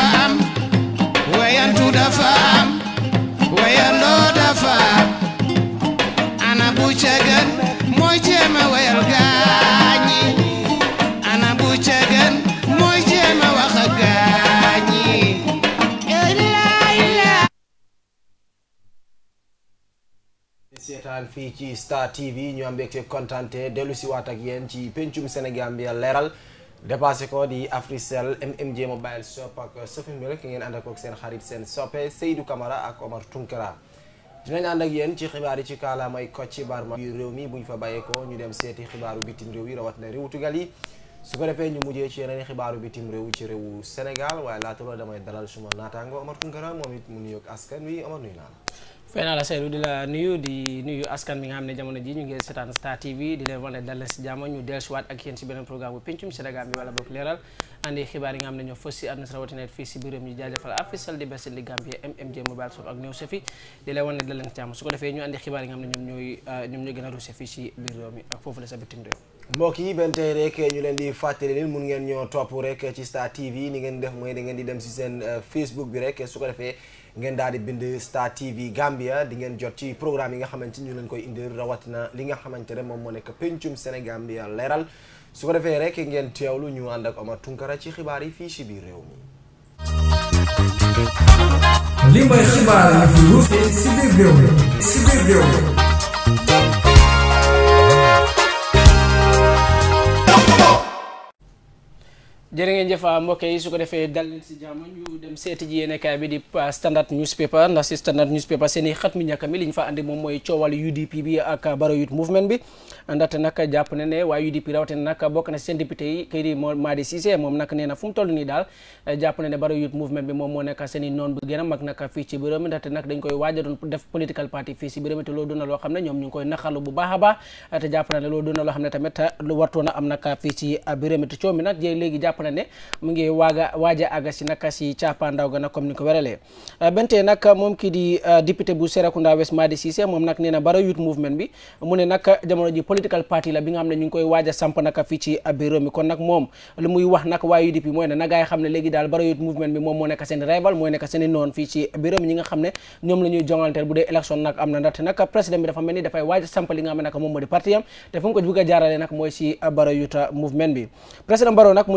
dafa am wayantu dafa am wayaloo dafa am ana bu ca gën mooy jéem a wayal gaañi ana bu ca gën mooy jéem a wax ak gaañi seetaan fii ci Star TV ñu am mbégte kontaan dellu si waat ak yéen ci pencum Sénégambia leeral dépassé ko di Africell MMG Mobile Shop ak Sophie rek ngeen ànd ak seen xarit seen soppe Seydou kamara ak Omar Tunkara dinañ ànd ak yéen ci xibaar yi ci kaalaamay Kocc Barma yu réew mi bu ñu fa bàyyeekoo ñu dem seeti xibaaru bitim réew yi rawatina réewu tugal yi su ko defee ñu mujjee ci yeneen xibaaru bitim réew ci réewu Sénégal waaye laata loolu damay dalal suma naataango Omar Tunkara moom it mu ook askan wi Omar nuyu naa fay naa la Seydou di la nuyu di nuyu askan bi nga xam ne jamono ji ñu ngi seetaan Star TV di leen wane dal leen si jàmm ñu dellusiwaat ak yéen si beneen programme bu pencum Sénégal bi wala boog leeral andi xibaar yi nga xam ne ñoo fës si àdduna si rawatina fii si su ko defee ñu andi xibaar ne ñoom ñooy ah, ñoom ñooy gën biir réew mi foofu la sa bitim réew mbokk yi benn tey rek ñu leen di fàttali leen mun ngeen ñoo topp rek ci Star TV ni ngeen def mooy da ngeen di dem si seen eh, Facebook bi rek su ko defee ngeen daal di bind Star TV Gambia di ngeen jot ci programme yi nga xamante ni ñu leen koy indil rawatina li nga xamante ne moom moo nekk pencum Sénégambia leeral su ko defee rek ngeen teewlu ñu ànd ak Omar Tunkara ci xibaar yi fii ci biir réew mi. li may xibaar yi fi ruusee ci biir mi. jërë ngeen jëf ah, mbokk yi su ko defee dal leen si jàmm ñu dem seeti ji yéenekaay bi di ah, standard newspaper ndax si standard newspaper seen i xat mi ñàkk mi li ñu fa andi moom mooy coowal UDP bi ak Barrow Youth Movement bi na ne waa UDP na si seen député yi kii moom nii daal eh, jàpp na moo nekk seen i noon bu gën mag nag fii si biir loolu doon loo xam ne ñoom ñu ngi koy naqalu bu baax a te jàpp na ne loolu doon loo xam ne tamit lu am nag fii ci biir mi coow mi nag léegi jàpp jàpp na nag moom moo nekk seen rival mooy nekk seen noon fii ci biir mi ñi nga xam ne ñoom la ñuy bu dee élection nag am na ndaxte jaarale nag mooy si Barrow Movement bi président Barrow nag mu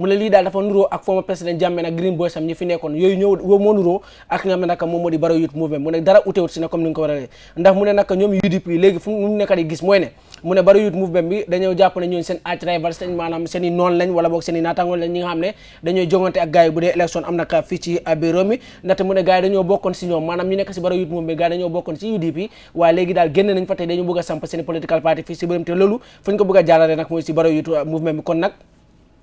mu ne lii daal dafa nuroo ak former président Jammeh nag Green Boys am ñi fi nekkoon yooyu ñëw moo nuroo ak nga xam ne nag moom Movement mu ne dara utewut si ñoom UDP léegi fu mu nekk Movement bi i ah, yi dañoo bokkoon si ñoom maanaam ñu nekk si Barrow Movement gars yi dañoo bokkoon si UDP waaye léegi daal génn nañ fa tey dañu bëgg a samp seen political party fii si bërëm te loolu fu ñu ko bëgg a nag mooy si Barrow Youth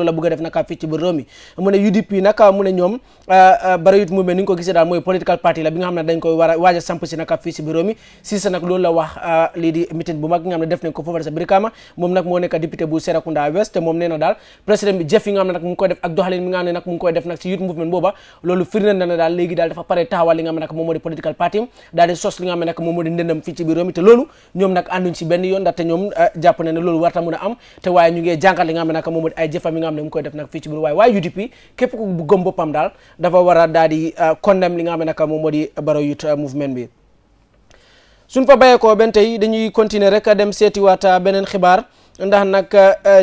loolu la bëgg def naka fii ci biir réew mi mu UDP naka ah, mu ne ah, ah, a waaj nag loolu moom nag moo nekk député bu te loolu ñoom nag ànduñ si benn yoon ndaxte ñoom jàpp ne ne loolu warta mun am te waaye ñu ngi jàngal li nga xam ne nag moom moo di ay jëfam xam mu koy def nag fii ci biir waaye waaye UDP képp ku gëm boppam daal dafa war a daal di euh, condamn li nga xam ne nag moom moo di Barrow Youth euh, Movement bi suñ fa bàyyeekoo benn tey dañuy continuer rek dem seetiwaat euh, beneen xibaar ndax nag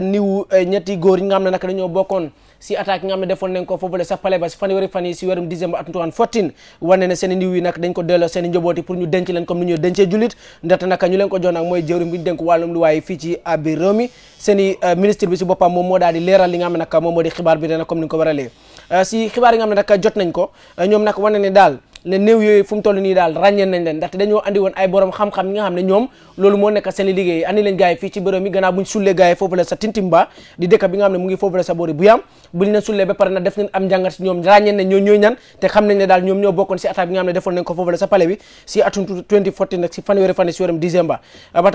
niw ñetti góor ñi nga xam ne nag dañoo bokkoon si attaque nga xam ne defoon nañ ko foofule sax palais ba si fanweeri fan yi si weerum décembre atum 2014 wane ne seen i niw yi nag dañ ko delloo i njobooti pour ñu denc leen comme ni ñu dencee jullit ndaxte naka ñu leen ko jox nag i euh, ministre bi si boppam moom moo daal di leeral li nga ne nag moom moo di xibaar bi dana comme ni ñu ko waralee euh, si xibaar yi nga xam ne nag jot nañ ko euh, ñoom nag wane ne daal ne new yooyu fu mu nii daal ràññeen nañ leen ndaxte dañoo andi woon ay borom xam-xam ne ñoom loolu moo nekk seen i liggéey andi leen gars yi fii ci bërëm yi gannaaw buñ sullee gars yi foofu la sa tintimba di dëkk bi nga xam ne mu ngi foofu la sa boori ba pare na def nañ am njàngat si ñoom ràññeen nañ ñoo ñooy ñan te xam nañ ne daal ñoom ñoo bokkoon si attaque bi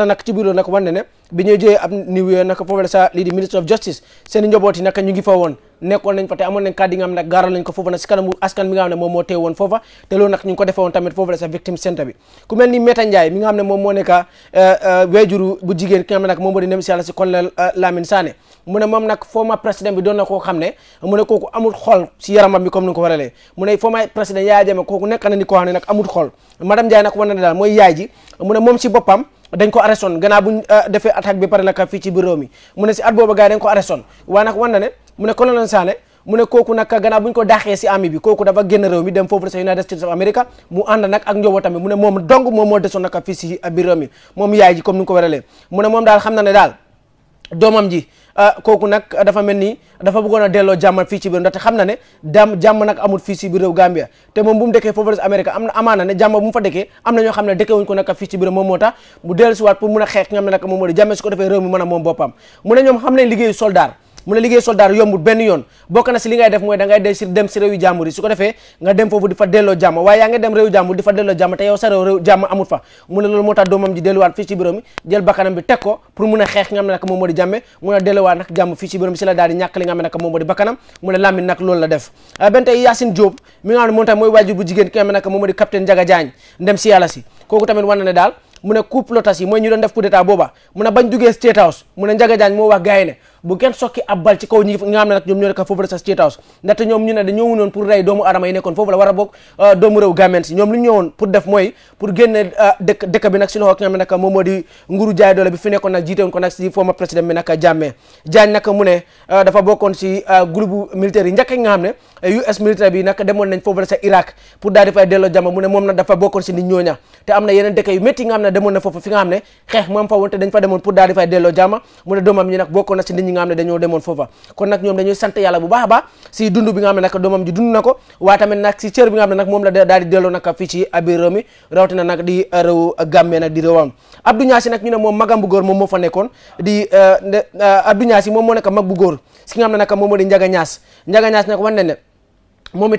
nga ci biir loolu nag ne bi ñuy jëyee ab niw yooyu foofu la sa lii di of justice seen i njoboot yi nag ñu ngi fa woon nekkoon nañ fa te amoon nañ kàddu yi nga ne gaaral nañ ko foofu nag si kanamu askan bi nga xam ne moom moo teew woon foofa te loolu nag ñu ngi ko defee woon tamit foofu la moom moo nekk euh, euh, weejuru bu jigéen ki nga xam ne nag si yàlla si colonel euh, Lamine Sané mu ne moom nag former président bi doon na koo xam ne mu ne kooku amul xol si yaramam bi comme ni ko waralee mu ne former président Yaya Jammeh kooku nekk na ni koo xam ne nag amul xol madame Ndiaye nag wane daal mooy yaay ji mu ne moom si boppam dañ ko arrêté woon gannaaw bu ñu euh, defee attaque bi pare la ka fii ne si at booba gars dañ ko arrêté woon waaye na ne mu ne colonel Sané kooku nag gannaaw ko daaxee si ami bi kooku dafa génn réew mi dem foofu sa United States of America mu ànd nag ak njabootam mu moom dong moom moo desoon nag fii si euh, biir réew mi moom yaay ji comme ni nga ko wéralee mu moom daal xam na ne daal doomam ji Euh, kooku nag dafa mel ni dafa bëggoon a delloo jàmm fii ci biir ndaxte xam na ne jàmm jàmm nag amul fii ci biir réew Gambia te moom bu mu dëkkee foofu des Amérique am na amaana ne jàmm bu mu fa dëkkee am na ñoo xam ne dëkkee wuñ ko nag fii ci biir moom moo tax mu dellusiwaat pour mun a xeex nga nag moom moo di jàmm su ko defee réew mi mën a moom boppam mu ne ñoom xam nañ liggéeyu soldaar mu ne liggéey soldaar yombul benn yoon bokk na si li ngay def mooy da ngay de si dem si réew yu jàmbur yi su ko defee nga dem foofu di fa delloo jàmm waaye yaa ngi dem réew jàmbur di fa delloo jàmm te yow a a delluwaat si nga xam euh, si yàlla si kooku tamit wane ne daal mu ne coup plotas yi mooy ñu doon def coup booba mu ne bañ duggee State House mu ne Ndiaga Diagne moo wax gars ne bu kenn sokki ab bal ci kaw ñi nga xam ne nag ñoom ñoo nekk foofu la sa State House ndaxte ñoom ñu ne dañoo wunoon pour rey doomu aadama yi nekkoon foofu la war a bokk euh, doomu réew Gambian ñoom li ñu ñëwoon pour def mooy pour génne euh, dëkk bi nag si loxo ki ne nag moom moo dafa bokkoon si nit ñooña te am na yeneen dëkk yi nga xam ne demoon na foofu fi nga ne xeex moom fa woon te fa demoon pour daal fay delloo jàmm mu ne doomam ñi nag bokkoon ñi nga xam ne dañoo demoon foofa kon nag ñoom dañuy sant yàlla bu baax a baax si dund bi nga xam ne na ko nag si cër bi nga xam moom la daal di delloo nag fii ci biir réew mi rawatina uh, bu góor moom moo fa nekkoon uh, uh, moom moo nekk mag bu góor si nga xam moom moo di Njaga Niass Njaga Niass nag wan ñi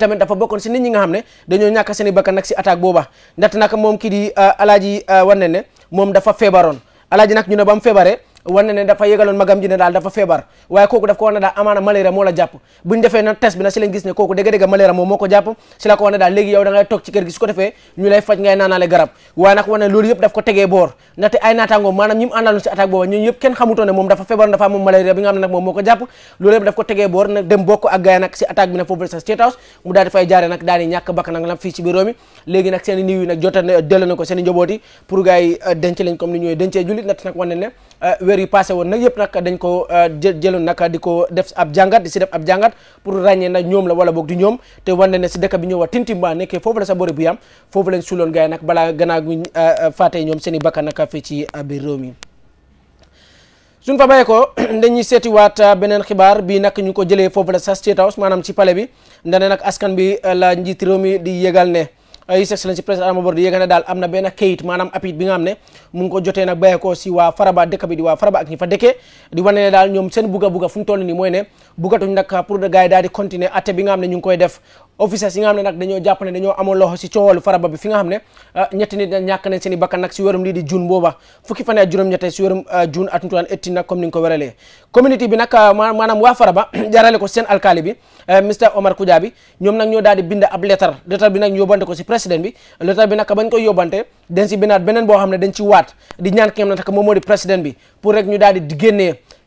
nga xam ne dañoo ñàkk seen i bakkan nag si attaque booba ndaxte nag moom kii di alaaji wan na ne moom dafa feebaroon alaaji nag ñu ne ba mu feebaree wane ne dafa yegaloon magam ji ne daal dafa feebar waaye kooku daf ko wane daal amaana malaria moo la jàpp buñ defee na test bi na si lañ gis ne kooku dëgg-dëgg malaria moom moo ko jàpp si la ko wane daal léegi yow da ngay i niw yi nag jotal delloo na ko seen i njaboot yi pour gaay euh, ni ñooy dencee jullit nag wane ne euh, weer yu woon nag yëpp nag dañ ko euh, jëloon nag di ko def ab jàngat di si def ab jàngat pour ràññee nag ñoom la wala boog di ñoom te wan na ne si dëkk bi ñëw wa tintimba nekkee foofu la sa bori bu yam foofu lañ suloon gars yi nag balaa gannaaw guñ euh, faatee ñoom seen i bakkan nag fii ci euh, biir réew mi suñ fa bàyyee ko dañuy seetiwaat beneen xibaar bi nag ñu ko jëlee foofu la sa State House maanaam si pale bi ndane nag askan bi la njiit réew mi di yëgal ne His Excellency President Adama Barrow di yëg ne daal am na benn kayit maanaam appui bi nga xam ne mu ko jotee nag bàyyi ko si waa Faraba dëkk bi di waa Faraba ak ñi fa dëkkee di wane ne daal ñoom seen bugga bugga fu mu toll nii mooy ne buggatuñ nag pour de gars yi daal di continuer atte bi nga xam ne ñu koy def officers yi nga xam ne nag dañoo jàpp ne dañoo amoon loxo si coowalu faraba bi fi nga xam ne ah, ñetti nit ñàkk nañ seen i bakkan nag si wérum lii di juun booba fukki fan ak juróom-ñette si wérum ah, juun atum 2018 nag comme ni nga ko wéralee community bi nag ah, maanaam waa faraba jaarale ko seen alkaali bi Mr Omar Kujabi ñoom nag ñoo daal di bind ab lettre lettre bi nag ñu yóbbante ko si président bi lettre bi nag bañ koy yóbbante dañ si bindaat di ñaan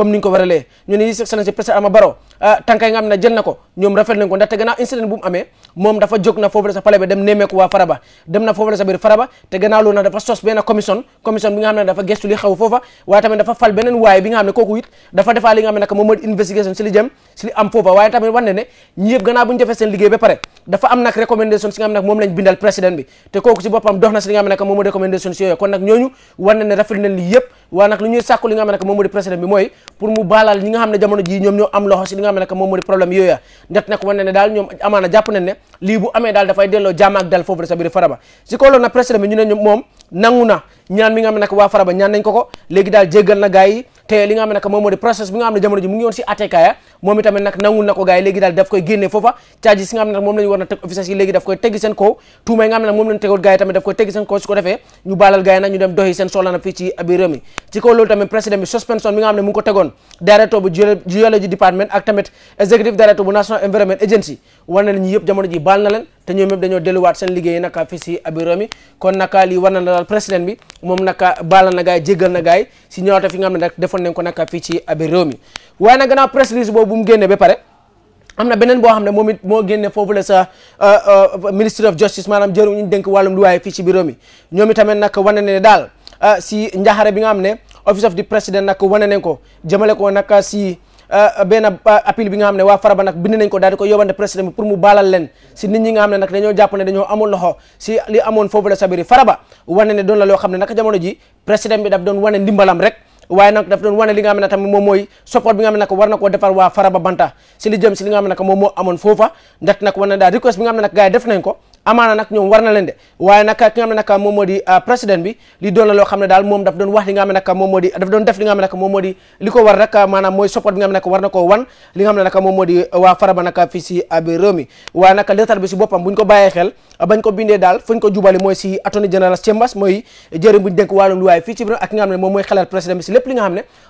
comme ni ah, commission commission bi nga xam ne dafa gestu li xew foofa waaye tamit dafa ne kooku it dafa bu ñu seen liggéey ba pare dafa am nag recommandation si nga xam nag moom lañ bindal président bi te kooku si boppam dox na si nga xam nag moom mooy recommandation si yooyu kon nag ñooñu ne ne rafet waaye nag lu ñuy sàkku li nga xam ne moom moo di président bi mooy mu baalal ñi nga xam ne jamono jii ñoom ñoo am loxo si li nga xam ne moom moo di problème yooya ndet nag wane ne daal ñoom amaana jàpp nañ lii bu amee daal dafay delloo jàmm ak foofu de sa Faraba si ko loolu nag président bi ñu ne moom nangu na ñaan mi nga xam ne nag waa Faraba ñaan nañ ko ko léegi daal jéggal na gars yi te li nga xam ne nag moom moo di process bi nga xam ne jamono ji mu ngi yoon si ATK ya moom itamit nag nangul na ko gars yi daal daf koy génne foofa charges yi nga xam nag moom la tegoon gars bu Geology Department ak tamit executive directeur bu National Environment Agency war na leen te ñoom ñëpp dañoo seen liggéey naka fi si abiromi kon naka lii war na daal président bi moom naka baal na gaay jéggal na gaay si ñëwaata fi ne nag defoon nañ ko naka fii ci abiromi waaye nag gannaaw press am na beneen boo xam ne moom it moo génne foofu euh, euh, mi ñoom itamit nag wane ne daal euh, si njaxare bi nga xam ne office of the president nag wane nañ ko jëmale ko nag si Euh, benn euh, appel bi nga xam ne waa Faraba nag bind nañ ko daal di ko yóbbante président bi pour mu baalal leen si nit ñi nga xam ne nag dañoo jàpp ne dañoo amoon loxo si li amoon foofu la sabiri Faraba wane ne doon la loo xam ne naka jamono ji président bi daf doon wane ndimbalam rek nag daf doon wane li nga xam ne tamit moom support bi nga xam ne nag war na koo defar waa Faraba Banta si li jëm li nga xam ne nag moom moo amoon foofa ndax nag wane daal request bi nga xam ne nag gars yi def nañ ko amaana nag ñoom war na leen de waaye nag ki nga xam ne nag moom moo di ah, bi li doon na loo xam ne daal moom daf doon wax li nga xam ne nag moom moo di daf doon def li nga xam ne nag moo di li ko war nag ah, maanaam mooy support ah, waa Faraba nag fii si biir réew waaye nag lettre bi si boppam buñ ko bàyyee xel bañ ko bindee daal fuñ ko jubali mooy si attorney general Chambers mooy jëriñ buñ dénk wàllum luwaay fii ci biir ak nga xam ne moom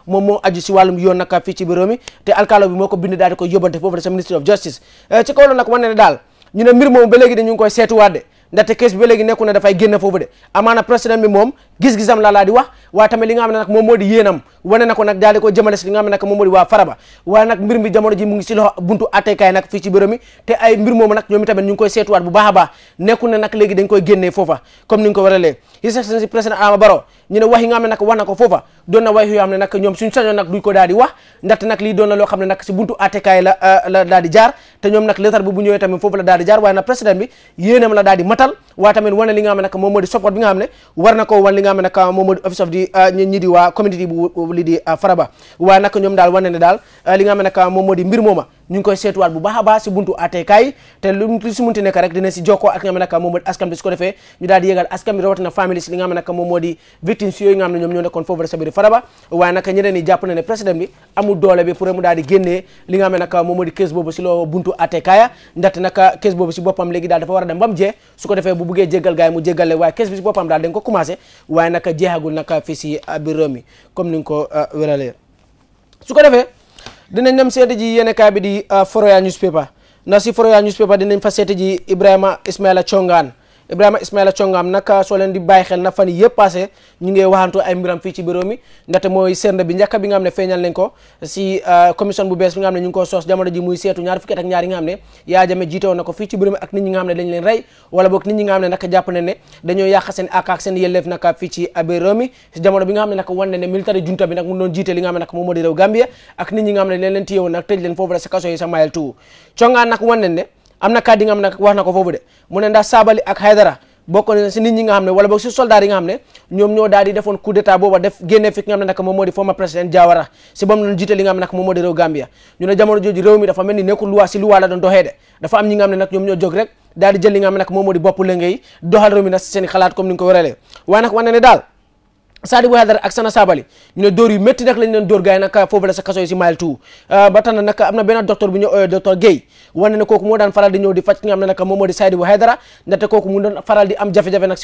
moom moo aju si wàllum yoon nag fii ci biir réew mi te alkaalo bi moo ko bind daal di ko yóbbante foofu de sa ministry of ñu ne mbir moom ba léegi de ñu ngi koy seetuwaat de ndaxte kees bi ba léegi nekku na dafay génn foofu de amaana président bi moom gis-gisam la laa di wax waaye tamit li nga xam ne nag moom moo di yéenam wane na ko nag daal di ko jëmale si li waa Faraba waaye nag mbir mi jamono ji mu ngi si loxo buntu attekaay nag a baax nekkul ne na ko foofa doon na wax yoo xam ne la euh, la jaar te ñoom nag lettre bi bu ñëwee tamit foofu la daal jaar waaye nag président bi yéenam la daal matal waaye tamit wane li nga xam ne moom moo di support bi nga xam ne war na wan li nga xam ne nag moom moo office of di ñi di community bu li di Faraba waaye nag ñoom daal wane ne daal li nga moom moo mbir mooma ñu ngi koy seetuwaat bu baax baax si buntu àttekaay yi te lu lu si munti nekk rek dina si jokkoo ak li nga xam di askan ko defee ñu daal di yégal askan bi rawatina famille si li nga xam ne nag moom moo di victimes yooyu nga xam daal di génnee li nga xam ne nag moom moo di kees boobu si loo a dem ba bu buggee jéggal gaay mu jéggale waaye kees bi si boppam daal dañ ko commencé waaye nag jeexagul nag fii si biir comme ni nga ko euh, wéralee su ko defee dinañ dem seeti ji yéen kaay bi di euh, Foroyaa newspaper na si Foroyaa newspaper dinañ fa seeti ji Ibrahima Ismaila Chongaan Ibrahima Ismaila Thiongam nag soo leen di bàyyi xel na fan yëpp passé ñu ngi waxantoo ay mbiram fii ci bureau mi ndaxte mooy sernde bi njëkk bi nga ne feeñal nañ ko si euh, commission bu bees bi nga ne ñu na ko fii ci bureau mi ak nit ñi nga xam ne dañ leen rey wala boog nit ñi ne nag jàpp ne ne dañoo yàq seen ak seen yelleef nag fii ci bureau si jamono bi nga ne nag wan ne ne military junta bi nag mu doon jiite li nga ne nag moom moo di ak nit ñi ne leen leen téyewoon nag tëj leen foofu la sa kaso yi am naka kàddu yi nga xam ne wax na ko foofu de mu ne ndax saabali ak Haydara bokk si nit ñi nga xam ne wala boog si soldat yi nga xam ne ñoom ñoo daal di defoon coup d'état booba def génne fi ki nga xam ne nag moom moo di former président Jawara si ba mu doon jiite li nga xam ne moom moo di réew Gambia ne jamono jooju rek daal jël li nga xam ne moom moo di bopp lëngay doxal réew mi nag si seen xalaat comme ni nga ko waralee ne daal Sadibou Hadara ak Sana Sabali ñu ne dóor yu métti nag leen dóor gars yi euh, euh, ne kooku moo daan faral di ñëw di faj ki nga xam ne nag moom moo di Sadibou am jafe-jafe nag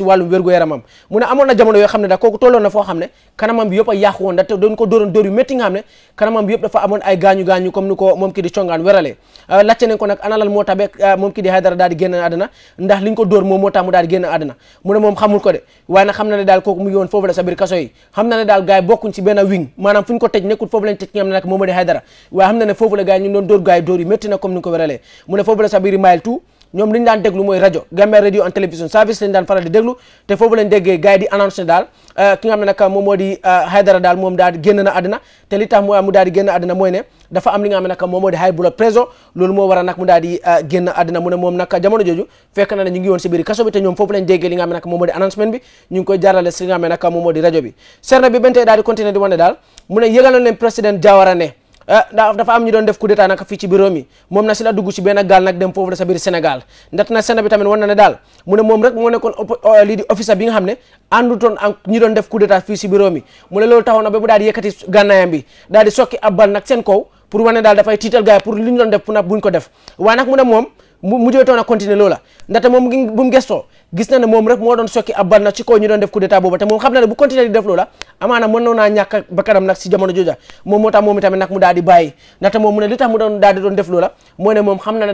ko nag ana lan moo euh, moom ki di Hadara daal di génn àddina ndax liñ ko dóor moom moo mu daal di génn mu ne moom xamul ko de waaye nag xam na ne daal kooku mu yoon foofu la sa kaso yi na ne daal gars yi bokkuñ ci benn wing maanaam fu ñu ko tëj nekkul foofu lañ tëj ki nga xam ne nag Momady Haidara waaye xam na ne foofu la gars ñu doon dóor gars yi dóor na comme ni nga ko wéralee mu ne foofu la Sabiri Mile tout ñoom li ñu daan déglu mooy rajo radio and lañu daan faral di déglu te foofu lañ déggee gars yi di annonce daal euh, ki nga xam ne moom moo di euh, Haidara daal moom daal génn na àddina te li tax mu mu daal di génn àddina mooy ne dafa am li nga xam ne nag moom moo di high blood pressure loolu moo waral nag mu daal di euh, génn mu ne moom nag jamono jooju fekk na ne ñu ngi woon si biir kaso bi te ñoom foofu lañ déggee li nga xam moom moo announcement bi ñu koy jaarale si li nga xam ne moom moo di rajo ne Eh, dafa am ñu doon def coup d'état nag fii ci bureau mi moom na si la dugg ci benn gaal nag dem foofu la sa biir Sénégal ndax na Sénégal bi tamit wan na ne daal mu ne moom rek moo nekkoon eh, lii di officer bi xam ne àndutoon ak ñi doon def coup d'état fii ci bureau mi mu ne loolu taxaw na ba mu daal di yëkkati gànnaayam bi daal di sokki ab bal nag seen kaw pour wane daal dafay tiital gars yi pour li ñu doon def pour nag buñ ko def waaye nag mu ne moom mu mujjee toon a continuer loola ndaxte gis na ne moom rek moo doon sokki ab bal na ne bu continuer di def loola amaana mën naa ñàkk ba kanam nag si jamono jooja moom moo tax moom itamit nag mu daal di bàyyi ndaxte moom mu doon def loola mooy ne moom xam na ne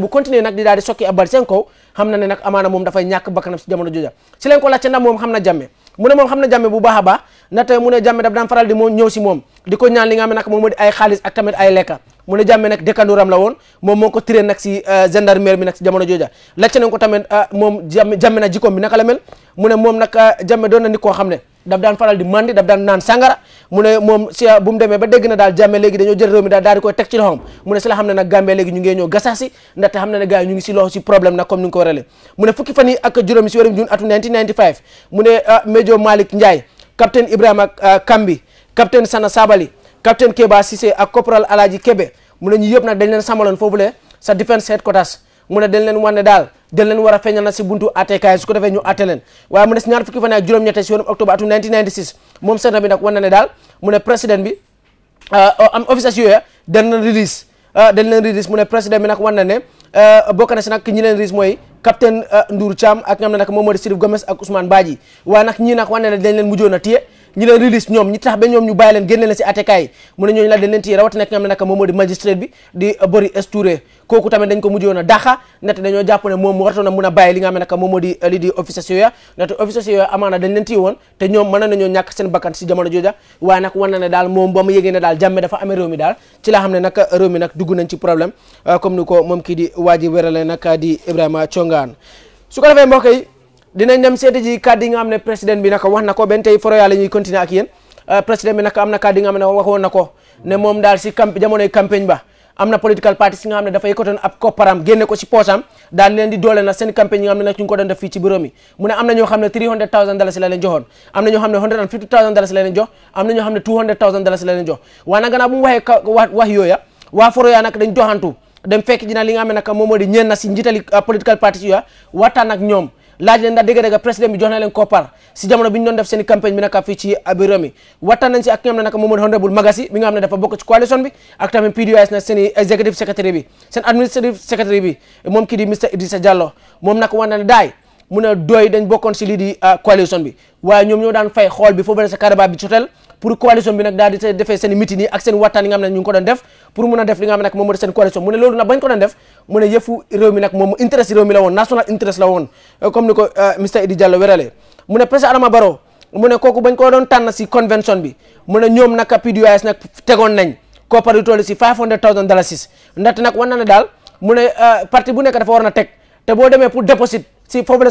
bu continuer nag di daal sokki ab bal seen kaw xam na ne nag amaana moom dafay ñàkk bakkanam si jamono jooja si leen ko laajte ndax moom xam na jàmme mu ne moom xam na jàmme bu baax a baax na tey mu ne jàmme daf daan faral di moom ñëw moom di ko ñaan li nga xam moom moo di ay xaalis ak tamit ay lekka mu ne jàmme nag dëkkandooram la woon moom moo ko tiré nag si euh, gendarmerie bi nag si jamono jooja laajte nañ ko tamit euh, moom jàmme jàmme na jikkoom bi naka la mel mu ne moom nag euh, jàmme doon na nit koo xam ne daf daan faral di mandi daf daan naan sangara mu ne moom si ah, bu mu demee ba dégg na daal jàmme léegi dañoo jël réew mi daal daal di koy teg ci loxoom mu ne si la xam ne nag Gambie léegi ñu ngee ñëw gasasi ndaxte xam ne ne gars yi ñu ngi si loxo si problème nag comme ni ko waralee mu ne fukki fan yi ak juróomi si weeru juin atu 1995 mu ne ah, Major Malick Ndiaye capitaine Ibrahima ah, Kambi capitaine Sana Sabali capitaine Keba Cissé ak corporal Alaji Kebe mu ñu yëpp nag dañ leen samaloon foofu le sa defense headquarters mu ne dañ leen wan ne daal dañ leen war a feeñal na si buntu attekaay su ko defee ñu atte leen waaye mu ne si ñaar fukki fan ak juróom-ñette si yoonu octobre atum 1996 moom centre bi nag wan ne daal mu ne président bi euh, am officers yooya ah, dañ release dañ leen euh, bi nag wan na ne euh, bokk na si nag ñi leen release mooy capitaine Ndour Thiam ak nga xam nag moom moo di Sirif Gomes ak Ousmane Badji waaye nag ñii nag wan ne dañ leen mujjoon a téye ñi leen release ñoom ñi tax ba ñoom ñu bàyyi leen génne leen si atekaay yi mu ne ñooñu la dañ leen téye rawatina nga xam moom di magistrat bi di Bory S Touré kooku tamit dañ ko mujjoon a euh, woon na daal moom ba mu ne daal jàmme dafa amee réew mi daal ci la ne nag euh, réew mi nag dugg nañ ci problème euh, comme ni ko moom kii di waa ji wérale di Ibrahima Congaan dinañ dem seeti ji kàddu yi nga xam ne président bi naka wax na ko benn tey foroyaa la ñuy continuer ak yéen euh, président bi naka am na kàddu ne na ko moom daal si camp jamonoy ba am na political party si nga xam ne dafa yëkkatoon ab kopparam génne ko si poosam daal leen di doole na seen campagne yi nga xam ko doon def fii mu ne am na ñoo xam ne 300000 dollars la ne jox am na ñoo xam ne 200000 dollars la leen jox waaye nag gannaaw bu mu waxee wax yooya waa foroyaa nag dañ doxantu dem fekk ji na li nga xam ne nag moom moo di ñeen si njiitali euh, political laaj leen ndax dégg nga président bi jox na leen si jamono bi ñu def seen campagne bi naka fii ci bureau mi waxtaan si ak ki nga xam ne naka moom Magasi bi nga xam ne bokk coalition bi ak tamit PDOIS na i executive secretary bi seen administrative secretary bi moom kii di Mr Idrissa Diallo moom nag wan daay mu ne doy dañ bokkoon ah, coalition bi waaye ñoom ñoo daan fay xool bi foofu la sa karaba bi pour coalition bi nag daal di defee seen ak seen waxtaan yi nga xam ko doon def pour mun a def li nga xam ne nag moom moo di seen coalition mu loolu nag bañ ko doon def mu ne yëfu réew mi nag moom interest réew mi la woon national interest la woon comme ni ko euh, Mr Idi Diallo wéralee mu ne Adama Barrow mu kooku bañ ko doon tànn si convention bi mu ne nag PDOIS nag tegoon nañ si nag wan na ne daal mu ne euh, parti bu nekk dafa war na te boo demee pour déposit si foofu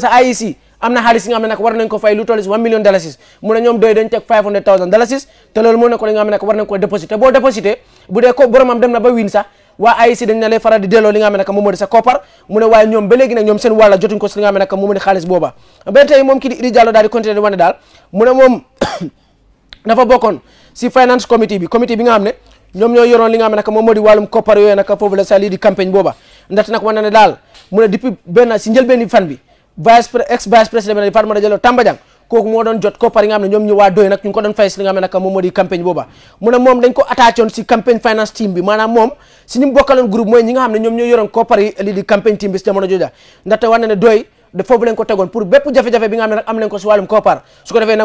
am na xaalis yi nga xam ne nag war nañ ko fay lu toll si 1 million dalasis mu ne ñoom doy dañ teg 500000 dalasis te loolu moo nekk li nga xam ne nag war nañ ko déposité boo déposité bu dee ko boromam dem na ba win sax waa AIC dañ ne lay faral di delloo li nga xam ne nag moom moo di sa koppar mu ne moom moo di Idi Diallo daal di wane daal mu ne moom dafa si finance committee ñoo yoroon li nga xam ne nag moom moo di wàllum koppar yooyu nag foofu la sa lii di fan bi vice ex vice président bi Fatoumatta Jallow Tamba Jang kooku moo doon jot koppar yi nga xam ne ñoom ñu waa doy nag ñu ko doon fay si nga xam ne nag moom di campagne booba mu ne moom dañ ko attaché si campagne finance team bi maanaam moom si ñu bokkaloon groupe mooy ñi nga xam ne ñoom ñoo yoroon koppar yi di campagne team bi si jamono jooja ndaxte war na doy de foofu lañ ko tegoon pour bépp jafe-jafe bi nga am nañ ko si wàllum koppar su ko defee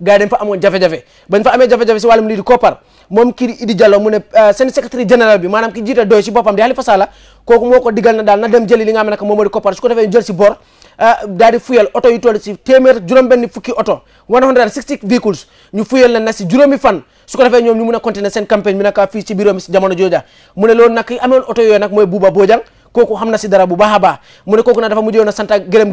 gars yi dañ fa amoon jafe-jafe bañ fa amee jafe-jafe si wàllum lii di koppar moom kii di Idi Diallo mu ne euh, seen secrétaire général bi maanaam ki jiite doy si boppam di Halifa Sallah kooku moo ko digal na daal na dem jëli li nga xam ne moom moo di koppar su ko defee ñu jël si bor euh, daal di oto yu toll si téeméer juróom-benn fukki oto 160 vehicles ñu fuyal leen nag si juróomi fan su ko defee ñoom ñu mun a continuer seen campagne bi nag fii si biiróom si kooku xam na si dara bu baax a baax mu ne kooku nag dafa mujjoon a sant ak gërëm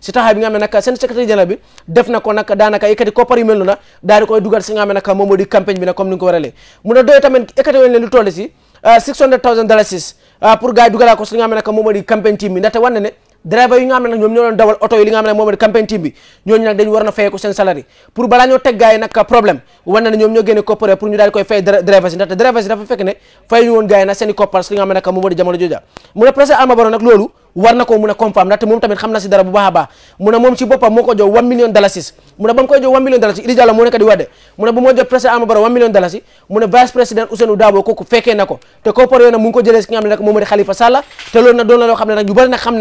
si taxaw bi nga xam ne nag seen secrétaire def na ko nag daanaka yëkkati koppar yu mel noonu daal di koy dugal si nga xam ne nag moom bi nag comme ni nga ko waralee mu ne doy tamit yëkkati woon leen lu toll si ah, six hundred thousand dollars ah, pour gars yi dugalaa ko si nga xam ne nag moom moo bi ndaxte wan na ne driver yi nga xam nag ñoom ñoo doon dawal oto yi li nga xam team bi ñooñu nag dañu war na fayeeku seen salaire pour balaa ñoo teg gars nag problème war na ne ñoom ñoo génne coppare pour ñu daal di koy fay driver si ndaxte driver si dafa fekk ne fay ñu woon nag seen i koppar si li nag moom moo di jamono jooja mu ne président Adama Barrow nag loolu war na ko mun a confirme ndaxte moom tamit xam na si dara bu baax a baax mu moom ci boppam moo ko jox 1 million dalasis mu ne ba mu koy jox 1 million dalasis Idi Diallo moo nekk di wadde mu ne bu moo jox président Amadou Barrow 1 million dalasi mu ne vice président Ousseynou Dabo kooku fekkee na ko te koppar yooyu nag mu ko jëlee ki nga xam ne nag moom di Khalifa Sall te loolu nag doon la xam ne nag ñu bari ko xam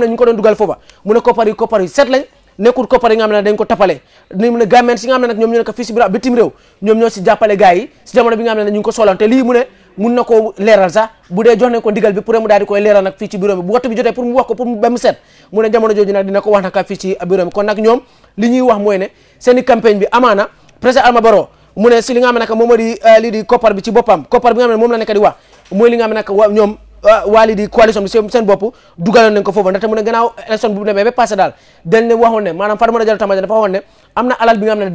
ne ñu ko doon dugal foofa yi koppar nekkul koppar yi nga xam ne dañ ko tapale ni mu ne gàmmeen si nga nag ñoom ñoo ne ko fii si biir bitim réew ñoom si jàppale gars si jamono bi nga xam ne ñu ngi ko soloon te lii mu mun na koo leeral sax bu dee jox nañ ko ndigal bi pour mu daal di leeral nag fii ci bi bu waxtu bi jotee pour mu wax ko pour mu ba mu set mu jamono jooju nag dina ko wax nag fii ci bureau bi kon nag ñoom li ñuy wax mooy ne seen i campagne bi amaana président Adama Barrow mu si li nga xam Euh, waali di coalition bi seen bopp dugaloon nañ ko foofu ndaxte mu ne gannaaw élection bu demee ba passé daal dañ ne waxoon ne maanaam Fatoumata Jallow Tambadine dafa waxoon ne am na ne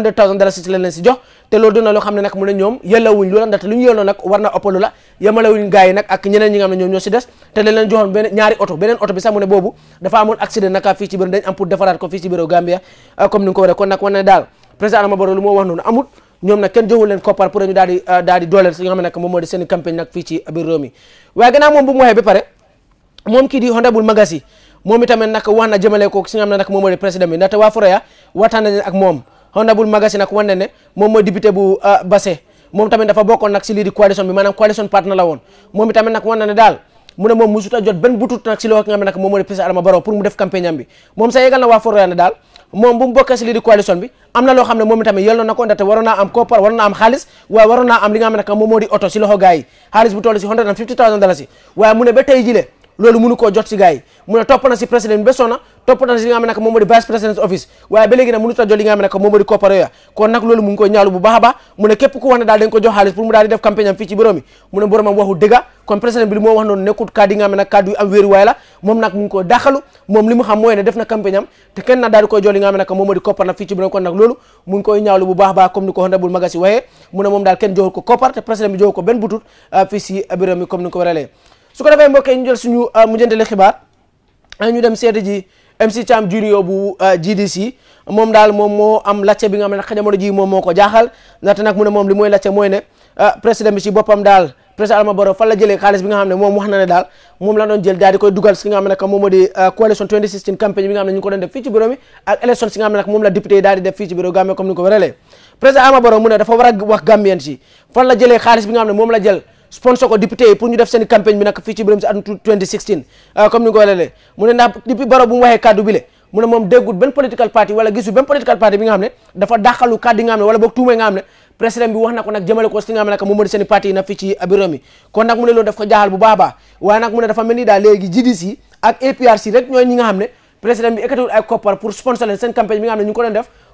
euh, si jox te loolu dina loo xam ne nag mu ne ñoom yellawuñ loola ndaxte lu ñu nag war na ëppalu la yemalawuñ gars nag ñeneen ñi nga ne ñoom ñoo si des te leen joxoon benn ñaari oto beneen oto bi sax boobu dafa amoon accident naka fii ci dañ am pour ñoom nag kenn joxul leen koppar pour ñu daal di euh, daal di dooleel si nga xam ne nag moom moo di seen campagne nag fii ci biir réew mi waaye moom bu mu waxee ba pare moom kii di honorable Magasi moom itamit nag wax na jëmale ko si moo di président bi ndaxte waa euh, coalition partner la woon moom na ne daal mu ne moom musuta jot benn butut nag si loxo ki nga xam nag moom moo di président Adama Barrow pour mu def campagne am moom sax yégal na waa ne daal moom bu mu bokkee si lii di coalition bi am na loo xam ne moom itamit yelloo na ko ndaxte waroon am koppar waroon naa am xaalis waaye waroon am li nga ne moom moo oto si loxo gars yi bu toll si 150 000 dollars yi waaye mu ne ba tey jile loolu mënu ko jot ci gars yi mu ne topp na si président bi ba sona topp na si li nga moom moo vice président office waaye ba léegi nag mënu ta jot li nga moom moo di koppar yooya kon nag loolu mu a baax mu ne képp ko jox bu baax baax comme ni ko honorable Magasi waxee mu ne moom daal kenn joxul ko koppar te président bi joxul ko benn butut ah, fii si borom mi ko waralee su ko defee mbokk yi ñu jël suñu euh, mujjantali xibaar euh, ñu dem seeti ji MC Cham Junior bu euh, GDC moom daal moom moo am lacce bi nga xam ne xajamono ji moom moo ko jaaxal ndaxte nag mu ne moom li mooy lacce mooy ne président bi ci boppam daal président Adama Barrow fan la jëlee xaalis bi nga xam ne moom la doon jël moo def fii ci bureau mi ni ko wéralee président Adama Barrow mu ne dafa war a wax Gambien si fan la jëlee xaalis bi nga ne moom la jël sponsor ko député yi pour ñu def seen campagne bi nag fii ci Bremse si atum 2016 comme ni nga ko waxee mu ne ndax depuis baro bu mu waxee kaddu bi le mu ne moom déggut benn political party wala gisul benn political party bi nga xam ne dafa dàqalu kaddu yi nga xam ne ko nag jëmale nag moom moo kon nag mu ne loolu daf ko jaaxal bu baax baax waaye nag mu ne dafa mel ni léegi GDC ak APRC rek ñooy ñi nga xam ne président bi ekkatiwul ay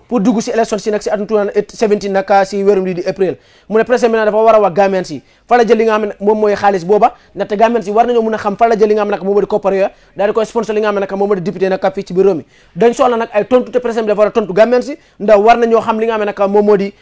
pour dugg si élection si nag si atum 2017 nag si weerum lii di april mu ne président bi nag dafa war a wax gamen si fa la nga xam a xam fa nag moom moo di koppar yooya daal di sponsor li nga xam nag moom moo nag fii ci biir réew mi nag ay tontu te président bi dafa war a tontu gamen si ndax war nañoo xam li nga xam nag moom moo di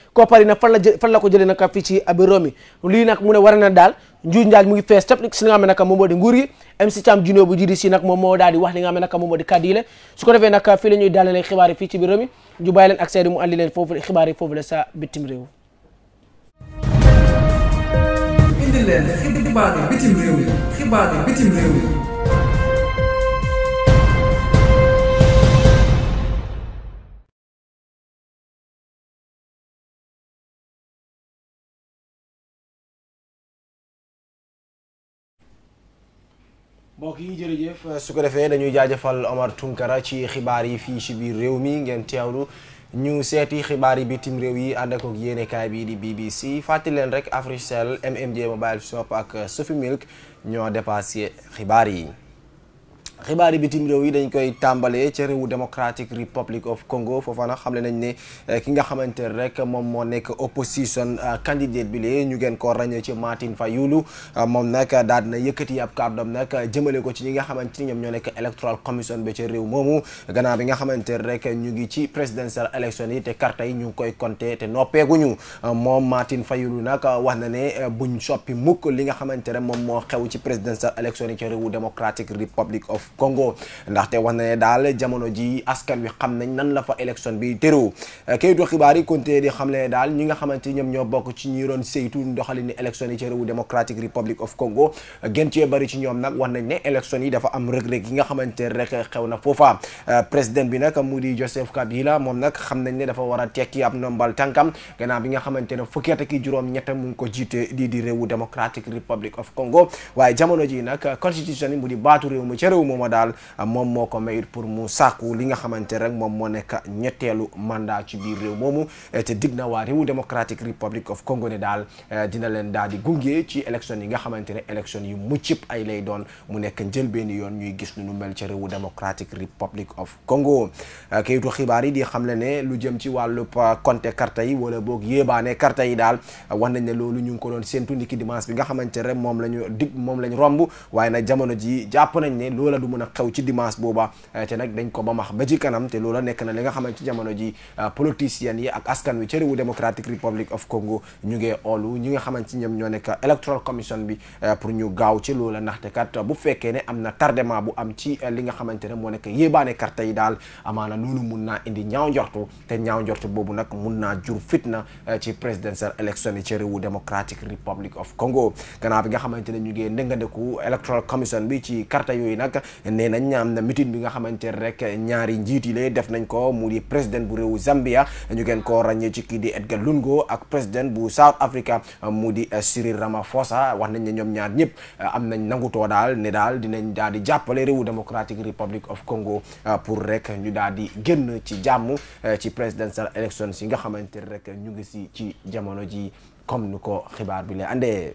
nag fan la ko jëlee nag fii ci biir réew lii nag mu ne war na daal njuuj njaaj mu ngi fees tëpp si li nga xam ne nag moo di nguur gi MC Thiam Junior bu jidi si nag moom daal di wax li nga xam ne nag di kàddu yi la su ko defee nag fii la ñuy daalalee xibaar yi fii ci biir réew mi leen ak seedi mu andi leen foofu la xibaar yi foofu la sa bitim réew yi mbokk yi jërëjëf su ko defee dañuy jaajëfal Omar Tunkara ci xibaar yi fii ci biir réew mi ngeen teewlu ñu seeti xibaar yi bitim réew yi ànd ak yéenekaay bii di BBC fàttali leen rek Africell MMJ Mobile Shop ak Sofi Milk ñoo dépassé xibaar yi. xibaari bitim réew yi dañ koy tàmbalee ca réewu Democratic Republic of Congo foofa nag xamle nañ ne eh, ki nga xamante rek moom moo nekk opposition eh, candidate bi lee ñu gën ko ràññee ci Martin Fayulu eh, moom nag daal dina yëkkati ab kàddoom nag jëmale ko ci ñi nga xamante ni ñoom ñoo nekk Electoral Commission bi ca réew moomu gannaaw bi nga xamante rek ñu ngi ci presidential election yi te carte yi ñu ngi koy compter te noppeeguñu moom Martin Fayulu nag wax na ne buñ soppi mukk li nga xamante rek moom moo xew ci presidential election yi ca réewu Democratic Republic of of Congo ndaxte wax na ne daal jamono ji askan wi xam nañ nan la fa élection bi tëroo kayitu xibaar yi continué di xam ne daal ñi nga xamante ñoom ñoo bokk ci ñi doon saytu doxalin élection yi ci réewu Democratic Republic of Congo gën cee bari ci ñoom nag wax nañ ne élection yi dafa am rëg-rëg yi nga xamante rek xew na foofa président bi nag mu di Joseph Kabila moom nag xam nañ ne dafa war a tekki ab nombal tànkam gannaaw bi nga xamante ne fukki at ak juróom ñett mu ko jiite di di réewu Democratic Republic of Congo waaye jamono ji nag constitution yi xawma daal moom moo ko mayit pour mu sàkku li nga xamante rek moom moo nekk ñetteelu mandat ci biir réew moomu eh, te dig waa réewu Democratic Republic of Congo ne daal eh, dina leen daal di gunge ci élection yi nga xamante ne élection yu muccib ay lay doon mu nekk njëlbeen yoon ñuy gis lu nu mel ci réewu Democratic Republic of Congo eh, kayitu xibaar yi di xam le ne lu jëm ci wàllub compte carte yi wala boog yéebaane carte yi daal wax nañ ne loolu ñu ngi ko doon séentu lu mën a xew ci dimanche booba eh, te nag dañ ko ba max ba ci te loola nekk na li nga xamante ci jamono ji eh, politiciens yi ak askan wi ci réewu Democratic Republic of Congo ñu nga xamante ci eh, na ñu ngee ndëngandeku Electoral Commission bi ci carte yooyu nag nee nañ am na meeting bi nga xamante rek ñaari njiit yi lay def nañ ko mu di président bu réewu Zambia ñu gën koo raññee ci kii di Edgar Lungu ak président bu South Africa mu di rama Ramaphosa wax nañ ne ñoom ñaar ñëpp am nañ nangutoo daal ne daal dinañ daal di jàppale réewu Democratic Republic of Congo pour rek ñu daal di génn ci jàmm ci presidential elections yi nga xamante rek ñu ngi si ci jamono ji comme ni ko xibaar bi la andee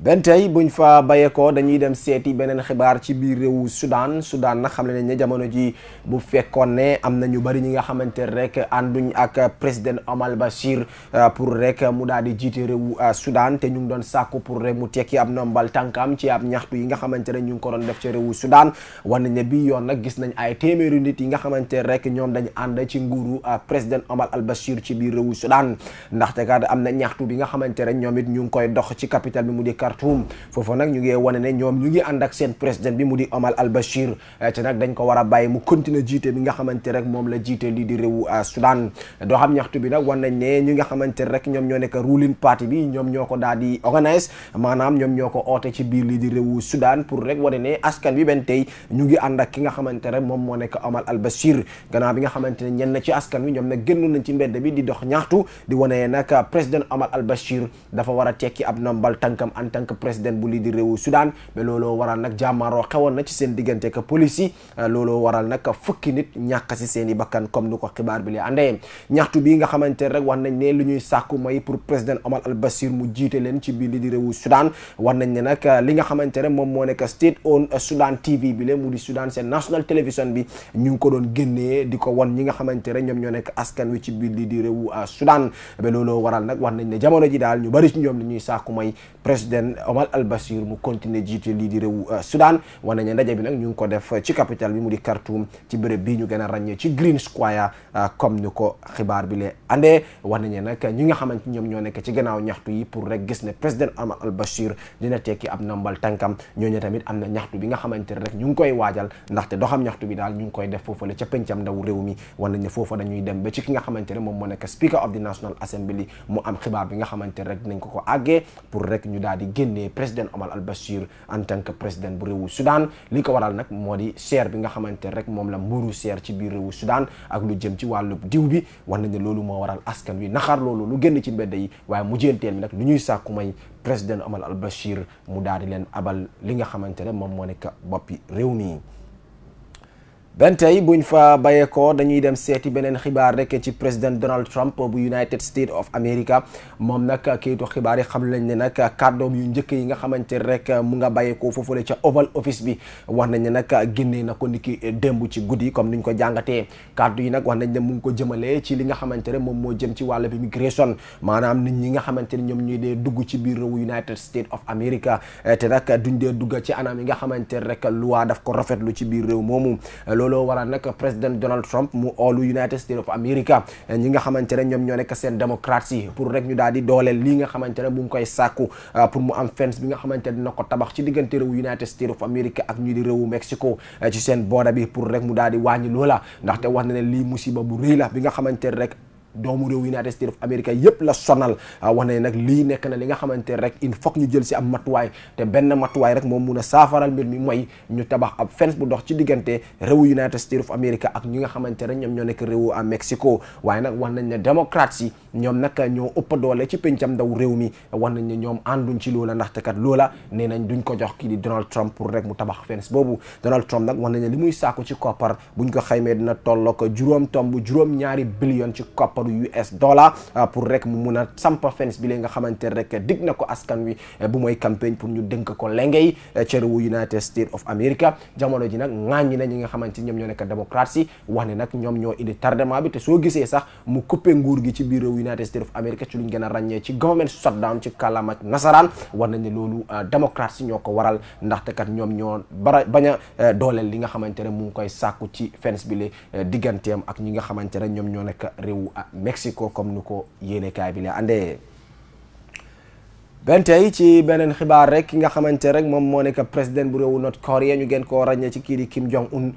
benn tey buñ fa bàyyeekoo dañuy dem seeti beneen xibaar ci biir réewu Soudan Soudan na xam ne ne jamono ji bu fekkoon ne am na ñu bëri ñi nga xamante rek ànduñ ak président Omar Bachir euh, pour rek mu daal di jiite réewu euh, Soudan te ñu ngi doon sàkku pour rek mu tekki ab nombal tànkam ci ab ñaxtu yi nga xamante ne ñu ngi ko doon def ci réewu Soudan wan nañ ne bii yoon nag gis nañ ay téeméeri nit yi nga xamante rek ñoom dañ ànd ci nguuru euh, président omal al Bachir ci biir réewu Soudan ndaxte kat am na ñaxtu bi nga xamante rek ñoom it ñu ngi koy dox ci capital bi mu di Khartoum foofu nag ñu ngi wane ne ñoom ñu ngi ànd ak seen président bi mu di omal Al Bashir eh, te nag dañ ko war a bàyyi mu continuer jiite bi nga xamante rek moom la jiite lii di réewu eh, Soudan doo xam ñaxtu bi nag wan nañ ne ñi nga xamante rek ñoom ñoo nekk ruling party bi ñoom ñoo ko daal di organise maanaam ñoom ñoo ko oote ci biir lii di réewu Soudan pour rek wane ne askan bi benn tey ñu ngi ànd ak ki nga xamante rek moom moo nekk omal Al Bashir gannaaw bi nga xamante ne ñenn ci askan wi ñoom nag génn nañ ci mbedd bi di dox ñaxtu di wane nag président Omar Al Bashir dafa war a tekki ab nombal tànkam tant que président bu ak police yi euh, looloo waral nag i bakkan comme ni ko xibaar bi li àndee ñaxtu bii nga xamante rek wax nañ ne lu ñuy sàkku may pour président euh, moom moo nekk state owned Soudan TV bi la mu di Soudan seen national télévision bi ñu ko doon génnee di ko wan ñi nga xamante ñoom ñoo nekk askan wi ci biir li di réewu euh, Soudan ba looloo waral nag wax ne jamono ji daal ñu bari ñoom li ñuy sàkku may capitaine Omar Al Bashir mu continuer jiite lii di réewu euh, Soudan wane ne ndaje bi nag ñu ngi ko def ci capitale bi mu di Khartoum ci bërëb bii ñu gën a ci Green Square euh, comme ni ko xibaar bi lee andee wane ne ñi nga xamante ñoom ñoo nekk ci gannaaw ñaxtu yi pour rek gis ne président Omar Al Bashir dina tekki ab nambal tànkam ñooñu tamit am na ñaxtu bi nga xamante ne rek ñu ngi koy waajal ndaxte doxam ñaxtu bi daal ñu ngi koy def foofale ca pencam ndaw réew mi wane ne foofa dañuy dem ba ci ki nga xamante ne moom moo nekk Speaker of bi nga xamante ne génnee président Omar al en tant que président bu réewu Soudan li ko waral nag moo di cher bi nga xamante rek moom la mburu cher ci biir réewu Soudan ak lu jëm ci wàllu diw bi war nañ ne loolu moo waral askan wi naxar loolu lu génn ci mbedd yi waaye mujjanteel mi nag lu ñuy sàkku may président Omar al Bashir mu daal di leen abal li nga xamante ne moom moo nekk boppi réew nii benn tey buñ fa bàyyeekoo dañuy dem seeti beneen xibaar rek ci président Donald Trump bu United States of America moom nag kayitu xibaar yi xam lañ ne nag kàddoom yu njëkk yi nga xamante rek mu nga bàyyeekoo foofule ca Oval Office bi wax nañ ne nag génnee na ko niki démb ci guddi comme niñ ko jàngatee kàddu yi nag wax nañ ne mu ngi ko jëmalee ci li nga xamante ne moom moo jëm ci wàllu immigration maanaam nit ñi nga xamante ne ñoom ñuy dee dugg ci biir réewu United States of America eh, te nag duñ dee dugg ci anam yi nga xamante rek loi daf ko rafetlu ci biir réew moomu eh, loolu looloo waral nag président Donald Trump mu oolu United States of America ñi nga xamante ne ñoom ñoo nekk seen démocrates yi pour rek ñu daal di dooleel lii nga xamante ne bu ngi koy sàkku euh, pour mu am fence bi nga xamante ne dina ko tabax ci diggante réewu United States of America ak ñu di réewu Mexico euh, ci seen border bi pour rek mu daal di wàññi loola ndaxte wax na ne lii musiba bu rëy la bi nga xamante ne rek doomu réew United States of America yëpp la sonal ah, wax nañ li lii nekk na li nga xamante rek il faut ñu jël si am matuwaay te benn matuwaay rek moom mun a saafaral mbir mi mooy ñu tabax ab fence bu dox ci diggante réewu United States of America ak ñi nga xamante rek ñoom ñoo nekk réewu à ah, Mexico waaye nag wax nañ ne démocrates yi ñoom nag ñoo ëpp doole ci pencam ndaw réew mi wax nañ ne ñoom ànduñ ci loola ndaxte kat loola ne nañ duñ ko jox kii di Donald Trump rek mu tabax fence boobu Donald Trump nag wax nañ li muy saako ci koppar buñ ko xaymee dina tolloo ko juróom tomb juróom ñaari billion ci koppar koppadu US dollar euh, pour rek mu mun a sampa fence bi lee nga xamante rek dig na ko askan wi euh, bu mooy campagne pour ñu dénk ko lengey euh, cerewu United States of America jamono ji nag ŋaaññi na ñi nga xamante ñoom ñoo mu ko waral ndaxte kat ñoom ñoo a dooleel li nga xamante ne mu koy sàkku ci fence bi digganteem ak ñi nga xamante ñoom ñoo nekk réewu Mexico comme nu ko yéenekaay bi ne andee benn tey ci beneen xibaar rek ki nga xamante rek moom moo nekk président bu réewu North Korea ñu gën koo ràññee ci kii di Kim Jong Un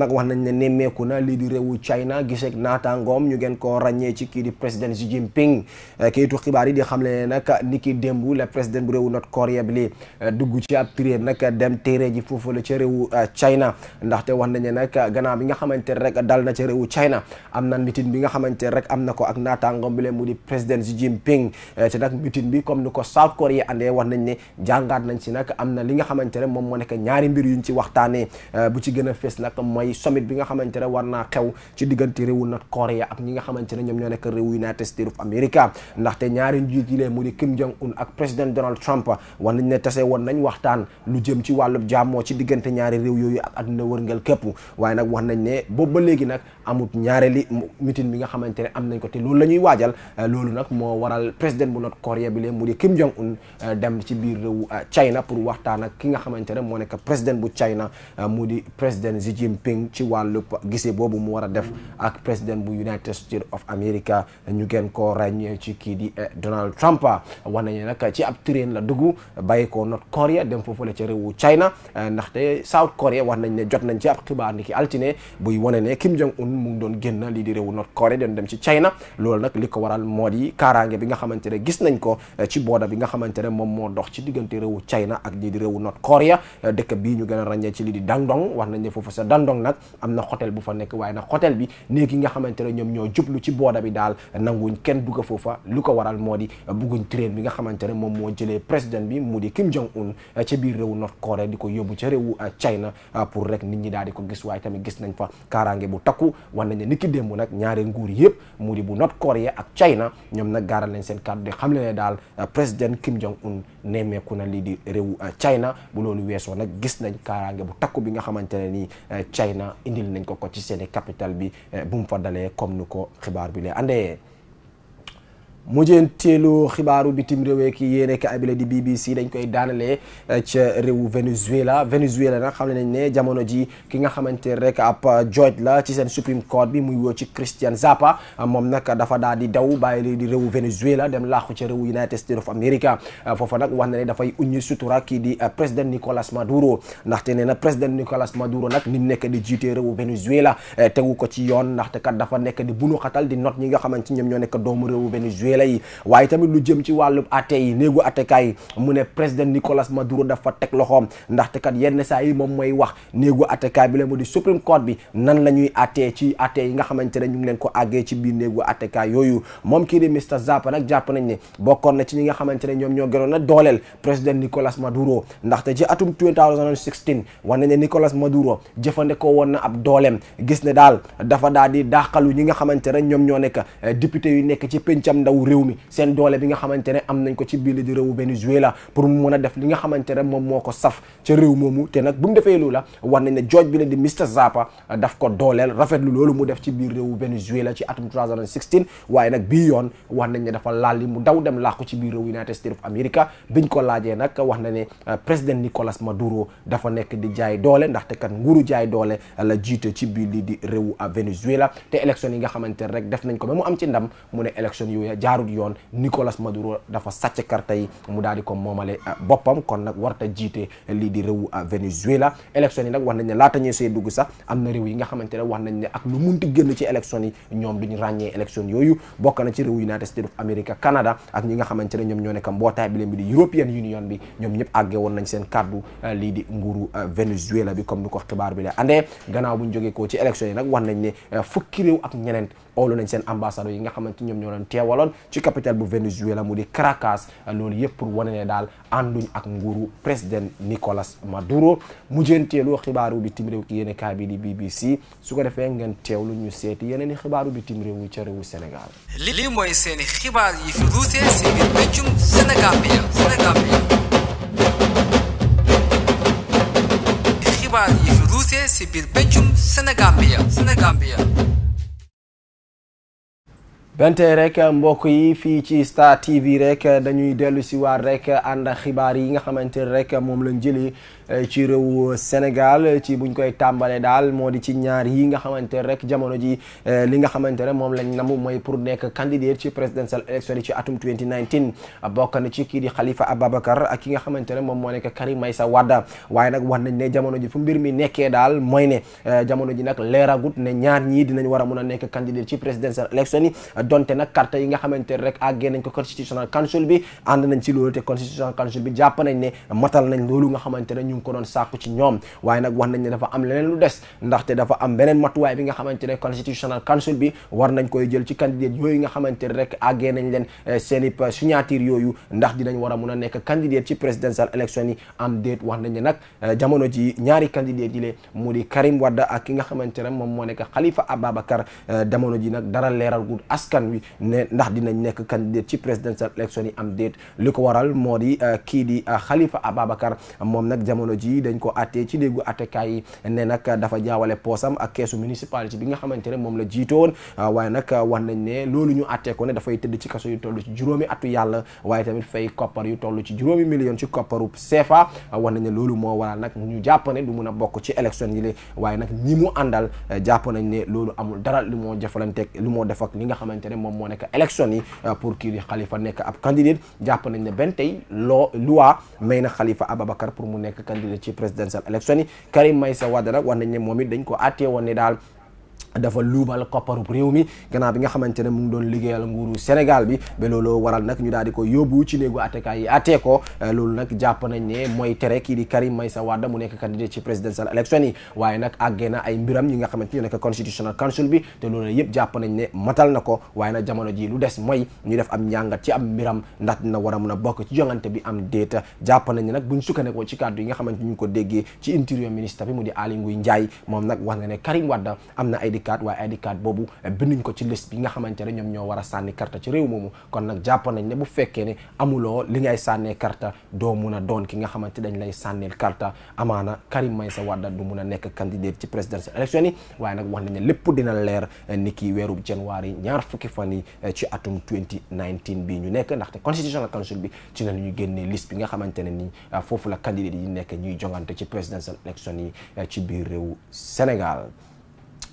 wax nañ ne nemmeeku na lii di réewu China giseek naataangoom ñu gën koo ci kii di président Xi Jinping eh, kayitu xibaar yi di xam le nag ni ki démb la président bu réewu North Korea bi li eh, dugg ci ab tiréem nag dem téere ji foofu la ca réewu eh, China ndaxte wax nañ ne nag gannaaw bi nga xamante rek dal na ca réewu China am na mitin bi nga xamante rek am na ko ak naataangoom bi le mu di président Xi Jinping te comme ni ko South Korea andee wax nañ ne jàngaat nañ si nag am na li nga xamante ne moom moo nekk ñaari mbir yuñ ci waxtaanee euh, bu ci gën a fës nag mooy bi nga xamante ne war naa xew ci diggante réewu North Korea ak ñi nga xamante ne ñoom ñoo nekk réewu United States of America ndaxte ñaari njiit yi lee mu di Kim Jong Un ak président wax nañ ne tase woon nañ waxtaan lu jëm ci wàllub jàmmoo ci diggante ñaari réew yooyu ak àdduna wërngal képp waaye nag wax nañ ne boobu ba léegi nag amut ñaareeli meeting bi nga xamante ne am nañ ko loolu la ñuy waajal euh, loolu nag moo waral président bu North Korea bi lee mu di Kim Jong un euh, dem ci biir réewu euh, China pour waxtaan ak ki nga xamante ne moo nekk président bu China euh, mu di président Xi Jinping ci wàllu gisee boobu mu war a def ak président bu United States of America ñu gën koo ràññee ci kii di Donald Trump wax nañu nag ci ab train la dugg bàyyi ko North Korea dem foofule ca réewu China ndaxte South Korea war nañ ne jot nañ ci ab xibaar ni ki altine buy wane ne Kim Jong Un mu ngi doon génna lii di réewu North Korea doon dem ci China loolu nag li ko waral moo di kaaraange bi nga xamante ne gis nañ ko ci booda nga xamante ne moom moo dox ci diggante réewu China ak lii di réewu North Korea dëkk bii ñu gën a ràññee ci lii di Dandong wax nañ ne foofu sa Dandong nag am na hôtel bu fa nekk waaye nag hôtel bi néeg yi nga xamante ne ñoom ñoo jublu ci booda bi daal nanguñ kenn dugg foofa lu ko waral moo di bugguñ train bi nga xamante ne moom moo jëlee président bi mu di Kim Jong Un ca biir réewu North Korea di ko yóbbu ca réewu China pour rek nit ñi daal di ko gis tamit gis nañ fa kaaraange bu takku war nañ ne niki démb nag ñaari nguur yëpp mu di bu North Korea ak China ñoom nag gaaral nañ Biden Kim Jong Un nemmeeku na lii di réewu euh, China bu loolu weesoo nag gis nañ kaaraange bu takku bi nga xamante ne nii euh, China indil nañ ko ko ci seeni capital bi euh, bu mu fa comme ni ko xibaar bi lee andee. mu mujjeenteelu xibaaru bitim réew ki yéene ka abile di BBC dañ koy daanalee eh, ca réewu Venezuela Venezuela nag xam ne nañ ne jamono ji ki nga xamante rek ab George la ci seen Supreme Court bi muy woo ci Christian Zappa moom nag dafa daal di daw bàyyi di réewu Venezuela dem laaxu ca réewu United States of America eh, foofa nag wax na ne dafay uñu sutura kii di eh, président Nicolas Maduro ndaxte ne na président Nicolas Maduro nag ni nekk di jiite réewu Venezuela tegu ko ci yoon ndaxte kat dafa nekk di bunu xatal di not ñi nga xamante ñoom ñoo nekk doomu réewu Venezuela. veela yi waaye tamit lu jëm ci wàllu atte yi néegu attekaay yi mu ne président Nicolas Maduro dafa teg loxoom ndaxte kat yenn saa yi moom mooy wax néegu attekaay bi la mu di Supreme Court bi nan la ñuy attee ci attee yi nga xamante ne ñu ngi leen ko àggee ci biir néegu attekaay yooyu moom kii di Mr ñoom ñoo gënoon a dooleel président Nicolas Maduro ndaxte ci atum 2016 ne Nicolas Maduro jëfandikoo woon na ab dooleem gis ne daal dafa daal di dàqalu ñi nga xamante ñoom ñoo nekk eh, député yu nekk ci pencam ndaw réew réew mi seen doole bi nga xamante ne am nañ ko ci biir di réewu Venezuela pour mu a def li nga ne moom moo ko saf ca réew moomu te nag bu mu bi la di Mr Zappa euh, daf ko dooleel rafetlu loolu mu def ci biir réewu Venezuela ci atum 2016 waaye nag bii yoon wax nañ dafa laal li mu daw dem làqu ci biir réew United States of America biñ ko laajee nag na ne euh, président Nicolas Maduro dafa nekk di jaay doole ndaxte kat nguuru jaay doole euh, la jiite ci biir li di réewu Venezuela te élection yi nga xamante rek def nañ ko ba mu am ci ndam mu ne élection yooyu jaarut yoon Nicolas Maduro dafa sàcc carte yi mu daal di ko moomale euh, boppam kon nag warta jiite lii di réewu euh, Venezuela élection yi nag wax nañ ne laata ñuy see dugg sax am na réew yi nga xamante ne wax nañ ne ak lu munti génn ci élection yi ñoom duñu ràññee élection yooyu bokk na ci réew United States of America Canada ak ñi nga xamante ne ñoom ñoo nekk mbootaay bi leen bi di European Union bi ñoom ñëpp àggee woon nañ seen kàddu euh, lii di nguuru Venezuela bi comme ni ko xibaar bi la andee gannaaw buñ jógee ko ci élection yi nag wax nañ ne fukki réew ak ñeneen oolu nañ seen ambassadeur yi nga xamante ñoom ñoo leen teewaloon ci capitale bu Venezuela mu di Caracas loolu yëpp pour wane ne daal ànduñ ak nguuru président Nicolas Maduro mujjeenteelu xibaaru bitim réew ki yéen kaay bi di BBC su ko defee ngeen teewlu ñu seeti yeneen i xibaaru bitim réew yi ca réewu Sénégal. lii mooy seeni xibaar yi fi ruusee si biir bëccum Sénégal benn tey rek mbokk yi fii ci Star TV rek dañuy dellu si rek ànd ak xibaar yi nga xamante ne rek moom lañ jëlee eh, ci réew Sénégal ci buñ koy tàmbalee daal moo di ci ñaar yi nga xamante ne rek jamono ji eh, li nga xamante ne moom lañ namu mooy pour nekk candidat ci presidential election yi ci atum 2019 bokk na ci kii di Khalifa Ababacar ak ki nga xamante ne moom moo nekk Karim Meïssa Wade waaye nag wax nañ ne jamono ji fu mbir mi nekkee daal mooy ne eh, jamono ji nag leeragut ne ñaar ñii dinañ war a mun a nekk candidat ci presidential election yi donte nag carte yi nga xamante rek àggee nañ ko constitutional council bi ànd nañ ci loolu te constitutional council bi jàpp nañ ne matal nañ loolu nga xamante ne ñu ngi ko doon sàkku ci ñoom waaye nag wax nañ ne dafa am leneen lu des ndaxte dafa am beneen matuwaay bi nga xamante ne constitutional council bi war nañ koy jël ci candidate yooyu nga xamante ne rek àggee nañ leen eh, seen i signature yooyu ndax dinañ war a mun a nekk candidate ci presidential election yi am déet wax nañ ne nag eh, jamono ji ñaari candidate yi le mu di Karim Wade ak ki nga xamante ne moom moo nekk Khalifa Ababacar eh, jamono ji nag dara leeral gud askan wi ne ndax dinañ nekk candidat ci présidentielle élection yi am déet li ko waral moo di euh, kii di euh, Khalifa Ababacar moom nag jamono ji dañ ko àttee ci déggu àttekaay yi ne nag dafa jaawale poosam ak keesu municipalité bi nga xamante ne moom la jiite woon euh, waaye nag wax nañ ne loolu ñu àttee ko ne dafay tëdd ci kaso yi toll ci juróomi atu yàlla waaye tamit fay koppar yi toll ci juróomi million ci kopparu CFA wax nañ ne loolu moo waral nag ñu jàpp ne du mun a bokk ci élection yi la waaye nag ñi mu àndal jàpp nañ xamante ne moom moo nekk élection yi euh, pour kii di Khalifa nekk ab candidat jàpp nañ ne benn tey loo loi may na Khalifa Ababacar pur mu nekk candidat ci présidentielle élection yi Karim may Wade nag war nañ ne moom it dañ ko àttee woon ne daal dafa luubal kopparub réew mi gannaaw bi nga xamante ne mu ngi doon liggéeyal nguuru Sénégal bi ba loolu waral nag ñu daal di ko yóbbu ci néegu attekaay yi attee ko eh, loolu nag jàpp nañ ne mooy tere kii di Karim Meïssa Wade mu nekk candidat ci présidential élection yi waaye nag àggee na ay mbiram ñi nga xamante ñu nekk constitutional council bi te loolu yëpp jàpp nañ ne matal ko waaye nag jamono ji lu des mooy ñu def am njàngat ci am mbiram ndax na war a mun a bokk ci jongante bi am déeta jàpp nañ bu nag buñ sukkandikoo ci kàddu yi nga xamante ñu ngi ko déggee ci intérieur ministre bi mu di Aly Ngouille Ndiaye moom nag na ne Karim Wade am na ID card waaye ID card boobu eh, binduñ ko ci liste bi nga xamante ne ñoom ñoo war a sànni carte ci réew moomu kon nag jàpp nañ ne bu fekkee ne amuloo li ngay sànnee carte doo mun a doon ki nga xamante dañ ci présidentielle élection yi waaye nag wax nañ ne lépp dina leer eh, ni ki weeru janvier ñaar fukki fan yi eh, ci atum 2019 bi ñu nekk ndaxte constitutional council bi ci la ñuy génnee liste bi nga xamante ne ni foofu la candidat yi nekk ñuy jongante ci présidentielle élection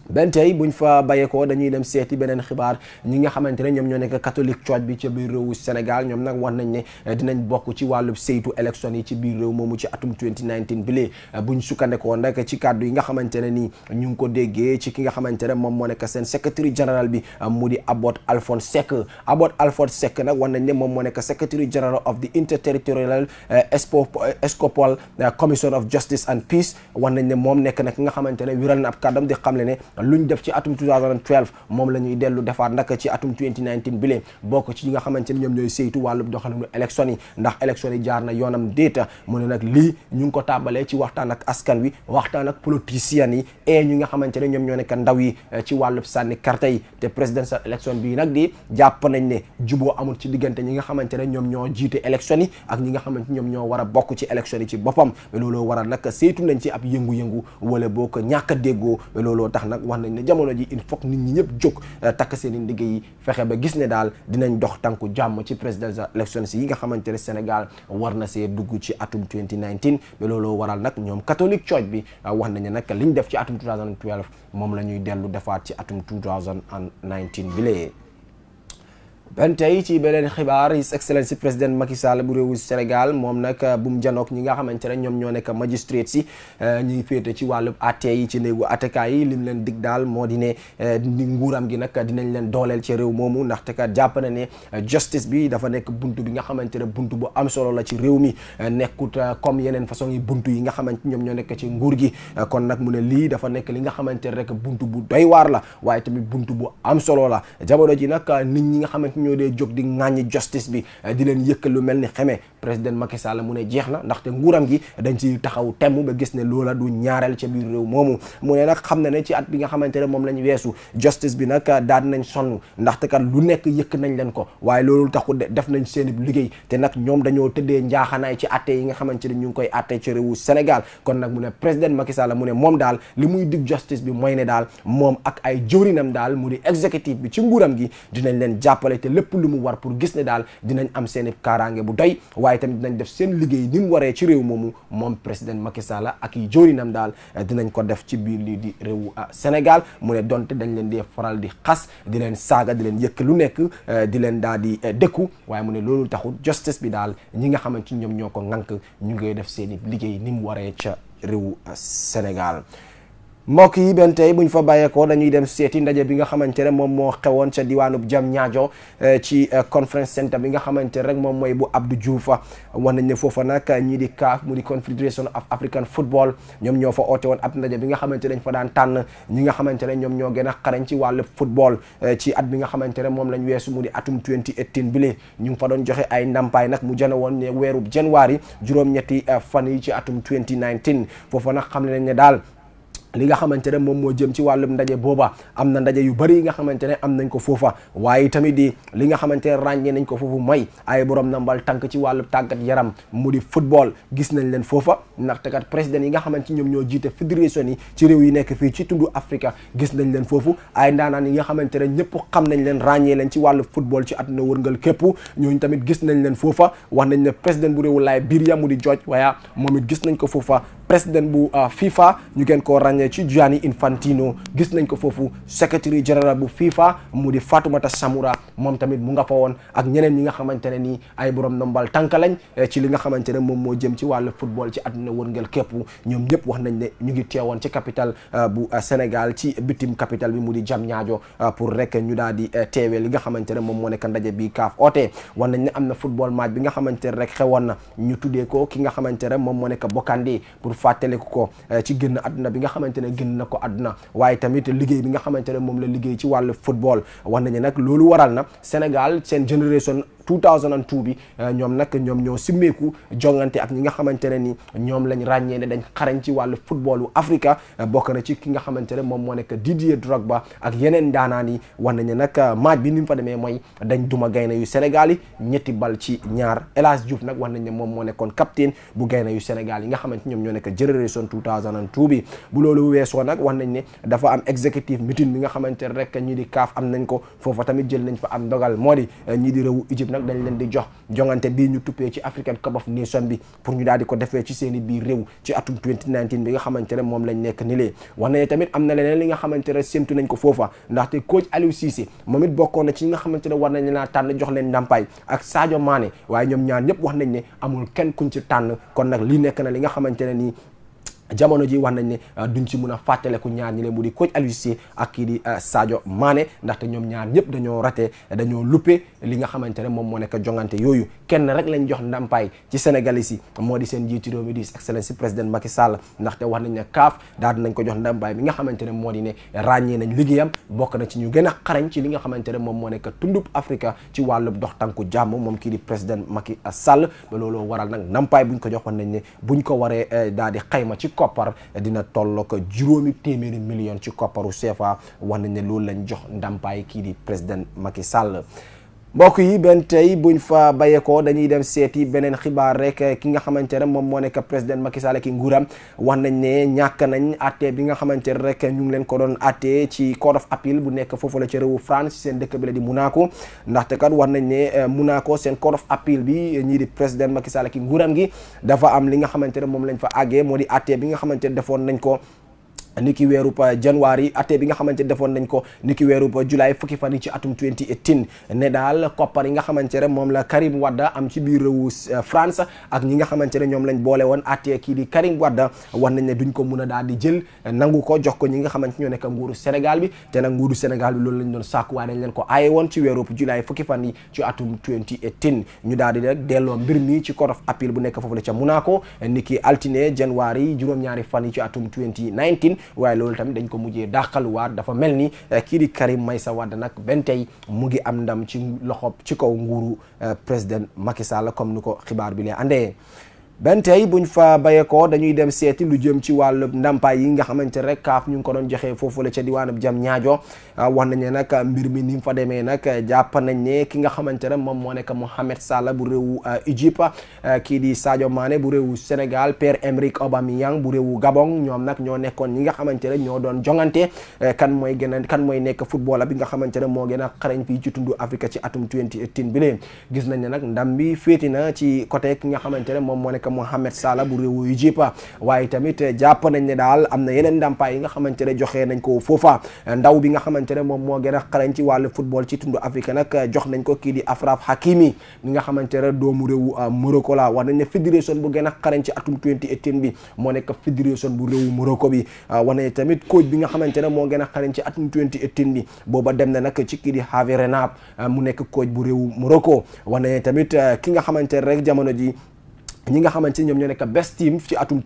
benn tey buñ fa bàyyeekoo dañuy dem seeti beneen xibaar ñi nga xamante ne ñoom ñoo nekk catholique church bi ci biir réewu Sénégal ñoom nag wax nañ ne eh, dinañ bokk ci wàllu saytu élection yi ci biir réew moomu ci atum 2019 bi lee buñ sukkandikoon rek ci kàddu yi nga xamante ne nii ñu ngi ko déggee ci ki nga xamante ne moom moo nekk seen secrétaire général bi eh, mu di aboot Alphonse Seck Abbott Alphonse sekk nag wax nañ ne moom moo nekk secrétaire général of the interterritorial eh, episcopal commission of justice and peace wax nañ ne moom nekk nag ki nga xamante ne wiral na ab kàddam di xamle ne luñ def ci atum 2012 moom la ñuy dellu defaat nag ci atum 2019 bi lee bokk ci ñi nga xamante ni ñoom ñooy saytu wàllub doxalinu élection yi ndax élection yi jaar na yoonam déeta mu ne nag lii ñu ngi ko tàmbalee ci waxtaan ak askan wi waxtaan ak politiciens yi et ñi nga xamante ne ñoom ñoo nekk ndaw yi eh, ci wàllub sànni carte yi te présidentielle élection bii nag di jàpp nañ ne juboo amul ci diggante ñi nga xamante ne ñoom ñoo jiite élection ak ñi nga xamante ñoom ñoo war a bokk ci élection ci boppam looloo waral nag saytu nañ ci ab yëngu-yëngu wala boo ko ñàkk a déggoo looloo tax nag wax nañ ne jamono ji il faut nit ñi ñëpp jóg euh, takk seen i ndigg fexe ba gis ne daal dinañ dox tànku jàmm ci presidential elections yi nga xamante ne Sénégal war na see dugg ci atum 2019 ba looloo waral nag ñoom catholique church bi euh, wax nañ ne nag liñ def ci atum 2012 moom lañuy dellu defaat ci atum 2019 bi lee ban tey ci beneen xibaar his excellency président Macky bu réewu Sénégal moom nag uh, bu mu ñi nga xamante ne ñoom ñoo nekk magistrate si uh, ñi féete ci wàllu atte yi ci néegu atteka yi lim leen dig daal moo di ne uh, nguuram gi nag dinañ leen dooleel ci réew moomu ndaxte kat jàpp na ne justice bi dafa nekk buntu bi nga xamante ne buntu bu am solo la ci réew mi nekkut comme yeneen façon yi buntu yi nga xamante ñoom ñoo nekk ci nguur gi kon nag mu ne lii dafa nekk li nga xamante ne rek buntu bu doy waar la waaye tamit bunt bu am solo la jamono ji nag nit ñi nga xamante ñoo dee jóg di ŋàññi justice bi eh, di leen yëkkal lu mel ni xeme président Macky Sall mu ne jeex na ndaxte nguuram gi dañ ci taxaw temm ba gis ne loola du ñaareel ca biir réew moomu mu ne xam na ne ci at bi nga xamante ne moom lañ weesu justice bi nag eh, daal nañ sonn ndaxte kat lu nekk yëkk nañ leen ko waaye loolu taxul def nañ seen liggéey te nag ñoom dañoo tëddee njaaxanaay ci atte yi nga xamante ne ñu ngi koy atte ci réewu Sénégal kon nag mu ne président Macky Sall mu ne moom daal li muy dig justice bi mooy ne daal moom ak ay jëwrinam daal mu di exécutif bi ci nguuram gi dinañ leen jàppale lépp lu mu war pour gis ne daal dinañ am seen i kaaraange bu day waaye tamit dinañ def seen liggéey ni mu waree ci réew moomu moom président Macky Sall ak yi jóorinam daal dinañ ko def ci biir lii di réewu Sénégal mu ne donte dañ leen di faral di xas di leen saaga di leen yëkk lu nekk euh, di leen daal di euh, dëkku waaye mu ne loolu taxul justice bi daal ñi nga xamante ñoom ñoo ko ŋànk ñu ngay def seen i liggéey ni mu waree ca réewu Sénégal mbokk yi benn tey bu ñu fa bàyyeekoo dañuy dem seeti ndaje bi nga xamante ne moom moo xewoon ca diwaanub jam ñaajo eh, ci eh, conference centre bi nga xamante rek moom mooy bu Abdou Diouf wax nañ ne foofa nag ñii di CAF mu di Confederation of African Football ñoom ñoo fa oote woon ab ndaje bi nga xamante dañ fa daan tànn ñi nga xamante ne ñoom ñoo gën a xarañ ci wàllu football eh, ci at bi nga xamante ne moom lañ weesu mu di atum 2018 bi li ñu ngi fa doon joxe ay ndàmpaay nag mu jëne woon ne weerub janvier juróom-ñetti fan yi ci atum 2019 foofa nag xam nañ ne daal li nga xamante ne moom moo jëm ci wàllu ndaje booba am na ndaje yu bëri yi nga xamante ne am nañ ko foofa waaye tamit di li nga xamante ne ràññee nañ ko foofu mooy ay borom nambal tànk ci wàllu tàggat yaram mu di football gis nañ leen foofa ndaxte kat président yi nga xamante ñoom ñoo jiite fédération yi ci réew yi nekk fii ci tundu Afrique gis nañ leen foofu ay ndaanaan yi nga xamante ne ñëpp xam nañ leen ràññee leen ci wàllu football ci àdduna wërngal képp ñooñu tamit gis nañ leen foofa wax nañ ne président bu réewu Liberia mu di George Weah moom it gis nañ ko foofa président bu euh, FIFA ñu gën koo ràññee ràññee ci Gianni Infantino gis nañ ko foofu secrétaire général bu FIFA mu di Fatoumata Samoura moom tamit mu nga fa woon ak ñeneen ñi nga xamante ne nii ay borom ndombal tànk eh, ci li nga xamante ne moom moo jëm ci wàllu football ci àdduna wërngel képp ñoom ñëpp wax nañ ne ñu ngi teewoon ci capital eh, bu eh, Sénégal ci bitim capital bi mu di Diamniadio pour rek ñu daal di teewee li nga xamante ne moom moo nekk ndaje bi kaaf oote wax nañ ne am na football match bi nga xamante ne rek xewoon na ñu tuddee ko ki nga xamante ne moom moo nekk Bokandi pour fàttaliku ko xamante ne génn na ko àdduna waaye tamit liggéey bi nga xamante ne moom la liggéey ci wàllu football wax nañu nag loolu waral na Sénégal seen génération 2002 bi euh, ñoom nag ñoom ñoo simmeeku jongante ak ñi nga xamante ne ni ñoom lañ ràññee ne dañ xarañ ci wàllu footballu Africa euh, bokk na ci ki nga xamante ne moom moo nekk Didier Drogba ak yeneen ndaanaan yi war nañu nag euh, match bi ni mu fa demee mooy dañ duma gaynde yu Sénégal yi ñetti bal ci ñaar El Hadji Diouf nag war nañ ne moom moo nekkoon capitaine bu gaynde yu Sénégal yi nga xamante ñoom ñoo nekk génération 2002 bi bu loolu weesoo nag war nañ ne dafa am executive meeting bi nga xamante rek ñi di kaaf am nañ ko foofa tamit jël nañ fa am ndogal moo di nag leen di jox jongante bii ñu tuppee ci African Cup of Nations bi pour ñu daal ko defee ci seen i biir ci atum 2019 bi nga xamante moom lañ nekk ni lee wax nañu tamit am na leneen li nga xamante ne nañ ko foofa ndaxte coach Aliou Cissé moom it bokkoon ci nga xamante war nañ laa tànn jox leen ndàmpaay ak Sadio Mané waaye ñoom ñaar ñëpp wax nañ ne amul kenn kuñ ci tànn kon nag li nekk na li nga xamante nii jamono ji wax nañ ne euh, duñ ci mun a fàttaleku ñaar ñi ne mu di coach Aliou Cissé ak kii di euh, Sadio Mané ndaxte ñoom ñaar ñëpp dañoo rate dañoo luppe li nga xamante ne moom moo nekk jongante yooyu kenn rek lañ jox ndàmpaay ci sénégalais yi moo di seen jiitu réew mi di excellence si président Macky Sall ndaxte wax nañ ne CAF daal nañ ko jox ndampaay bi nga xamante ne moo di ne ràññee nañ liggéeyam bokk na ci ñu gën a xarañ ci li nga xamante ne moom moo nekk tundub Afrika ci wàllub dox tànku jàmm moom kii di président Macky Sall ba looloo waral nag ndàmpaay buñ ko jox nañ ne buñ ko waree euh, daal di xayma ci koppar dina toll juróomi téeméeri million ci kopparu CFA wax nañ ne loolu lañ jox ndàmpaay kii di président Macky Sall mbokk yi benn tey buñ fa bàyyeekoo dañuy dem seeti beneen xibaar rek eh, ki nga xamante ne moom moo nekk président Macky Sall ki nguuram wax nañ ne ñàkk nañ àtte bi nga xamante ne rek ñu ngi leen ko doon àtte ci cour of bu nekk foofu la ci réewu France seen dëkk bi la di Monaco ndaxte kat wax nañ ne eh, Monaco seen cour of bi eh, ñii di président Macky ki nguuram gi dafa am li nga xamante ne moom lañ fa àggee moo di àtte bi nga xamante ne defoon nañ ko. ni ki weerub janvier até bi nga xamante defoon nañ ko ni ki weerub julaay fukki fan yi ci atum 2018 ne daal koppar yi nga xamante ne moom la Karim Wade am ci biir réewu euh, France ak ñi nga xamante ne ñoom lañ boole woon até kii di Karim Wade war nañ ne duñ ko mun a daal di jël nangu ko jox ko ñi nga xamante ñoo nekk nguuru Sénégal bi te nag nguuru Sénégal bi loolu lañ doon sàkku waaye dañ leen ko aaye woon ci weerub julaay fukki fan yi ci atum 2018 ñu daal di rek delloo mbir mi ci cour of appeal bu nekk foofu la ca Monaco ni ki altine janvier juróom-ñaari fan ci atum 2019 waaye loolu tamit dañ ko mujjee dàqaluwaat dafa mel ni eh, kii di Karim Meïssa Wade nag benn tey mu ngi am ndam ci loxo ci kaw nguuru eh, président Macky Sall comme ni ko xibaar bi lee andee benn tey buñ fa bayekoo dañuy dem seeti lu jëm ci wàllu ndàmpaay yi nga xamante rek kaaf ñu ngi ko doon joxee foofu la ca diwaanab jam ñaajo ah, wax nañ ne nag mbir mi ni mu fa demee nag jàpp nañ ne ki nga xamante ne moom moo nekk Mohamed Salah bu réewu ah, Égypte ah, kii di Sadio Mané bu réewu Sénégal Pierre-Emerick Aubameyang bu réewu Gabon ñoom nag ñoo nekkoon ñi nga xamante ne ñoo doon jongante eh, kan mooy gën a kan mooy nekk football bi nga xamante ne moo gën a xarañ fii ci tundu Afrique ci atum 2018 bi lee gis nañ ne nag ndam bi ci côté ki nga xamante ne moom moo nekk ak Mohamed Salah bu réewu yu jipa waaye tamit eh, jàpp nañ ne daal am na yeneen ndàmpaay yi nga xamante joxe nañ ko foofa ndaw bi nga xamante moom moo gën a xarañ ci eh, eh, a atum bi moo nekk fédération bu réewu Morocco bi tamit a ki nga xamante rek jamono ji ñi nga xamante ni ñoom ñoo nekk best team ci atum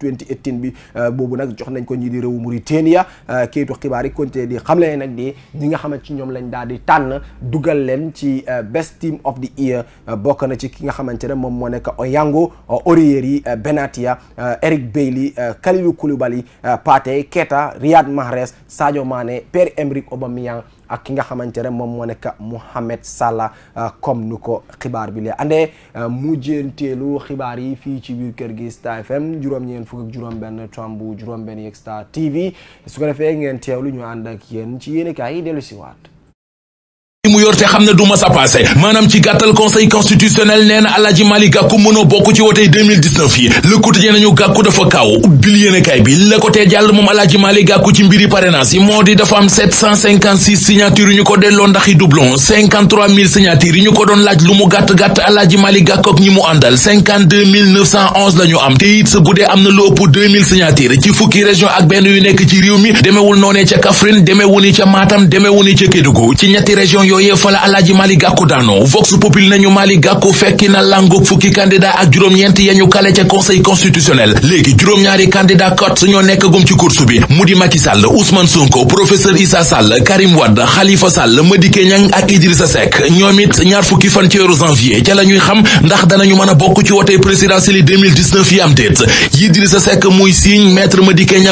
bi euh, boobu nag jox nañ ko ñi di réewu Mauritania euh, kayitu xibaar yi continué di xam leen nag di ñi nga xamante ci ñoom lañ daal di tànn dugal leen ci euh, best team of the year bokk na ci ki nga xamante ne moom moo nekk Onyango Oriyeri Benatia Eric Bailly Kalidou Koulibaly Pathé keta Riyad Mahrez Sadio Mané Pierre-Emerick Aubameyang ak ki nga xamante ne moom moo nekk Mouhamed Salah euh, comme nu ko xibaar bi lee andee euh, mujjeenteelu xibaar yi fii ci biir kër gi Star FM juróom ñeen fukk ak juróom-benn tombu juróom-benn yeeg TV su ko defee ngeen teewlu ñu ànd ak yéen ci yéen i yi dellu si waat mu yor te xam na du ma sa passé maanaam ci gàttal conseil constitutionnel nee na Alaaji Mali Gàkku mënoo bokk ci wotey 2019 yi le quotidien nañu gàkku dafa kaaw ubbil yéenekaay bi la ko tee jàll moom Alaaji Mali Gàkku ci mbiri parrainage yi moo di dafa am 756 signature yi ñu ko delloo ndax i doublon 53000 signature yi ñu ko doon laaj lu mu gàtt-gàtt Alaaji Mali Gàkku ak ñi mu àndal 52911 la ñu am te it bu dee am na lu ëpp 2000 signature ci fukki région ak benn yu nekk ci réew mi demeewul noonee ca Kaffrine région yooyee fa la Alaaji Malick Gakou daano Vox Populi nañu Malick Gakou fekki na langu fukki candidat ak juróom-ñeent yañu kale ca conseil constitutionnel léegi juróom-ñaari candidat kot suñoo nekk gum ci course bi mu di Macky Sall Ousmane Sonko professeur Issa Sall Karim Wade Khalifa Sall Madické Niang ak Idrissa Seck ñoom it ñaar fukki fan ci weeru janvier ca la ñuy xam ndax danañu mën a bokk ci wote présidentielle yi 2019 yi am déet Idrissa Seck muy siiñ maître Madické Niang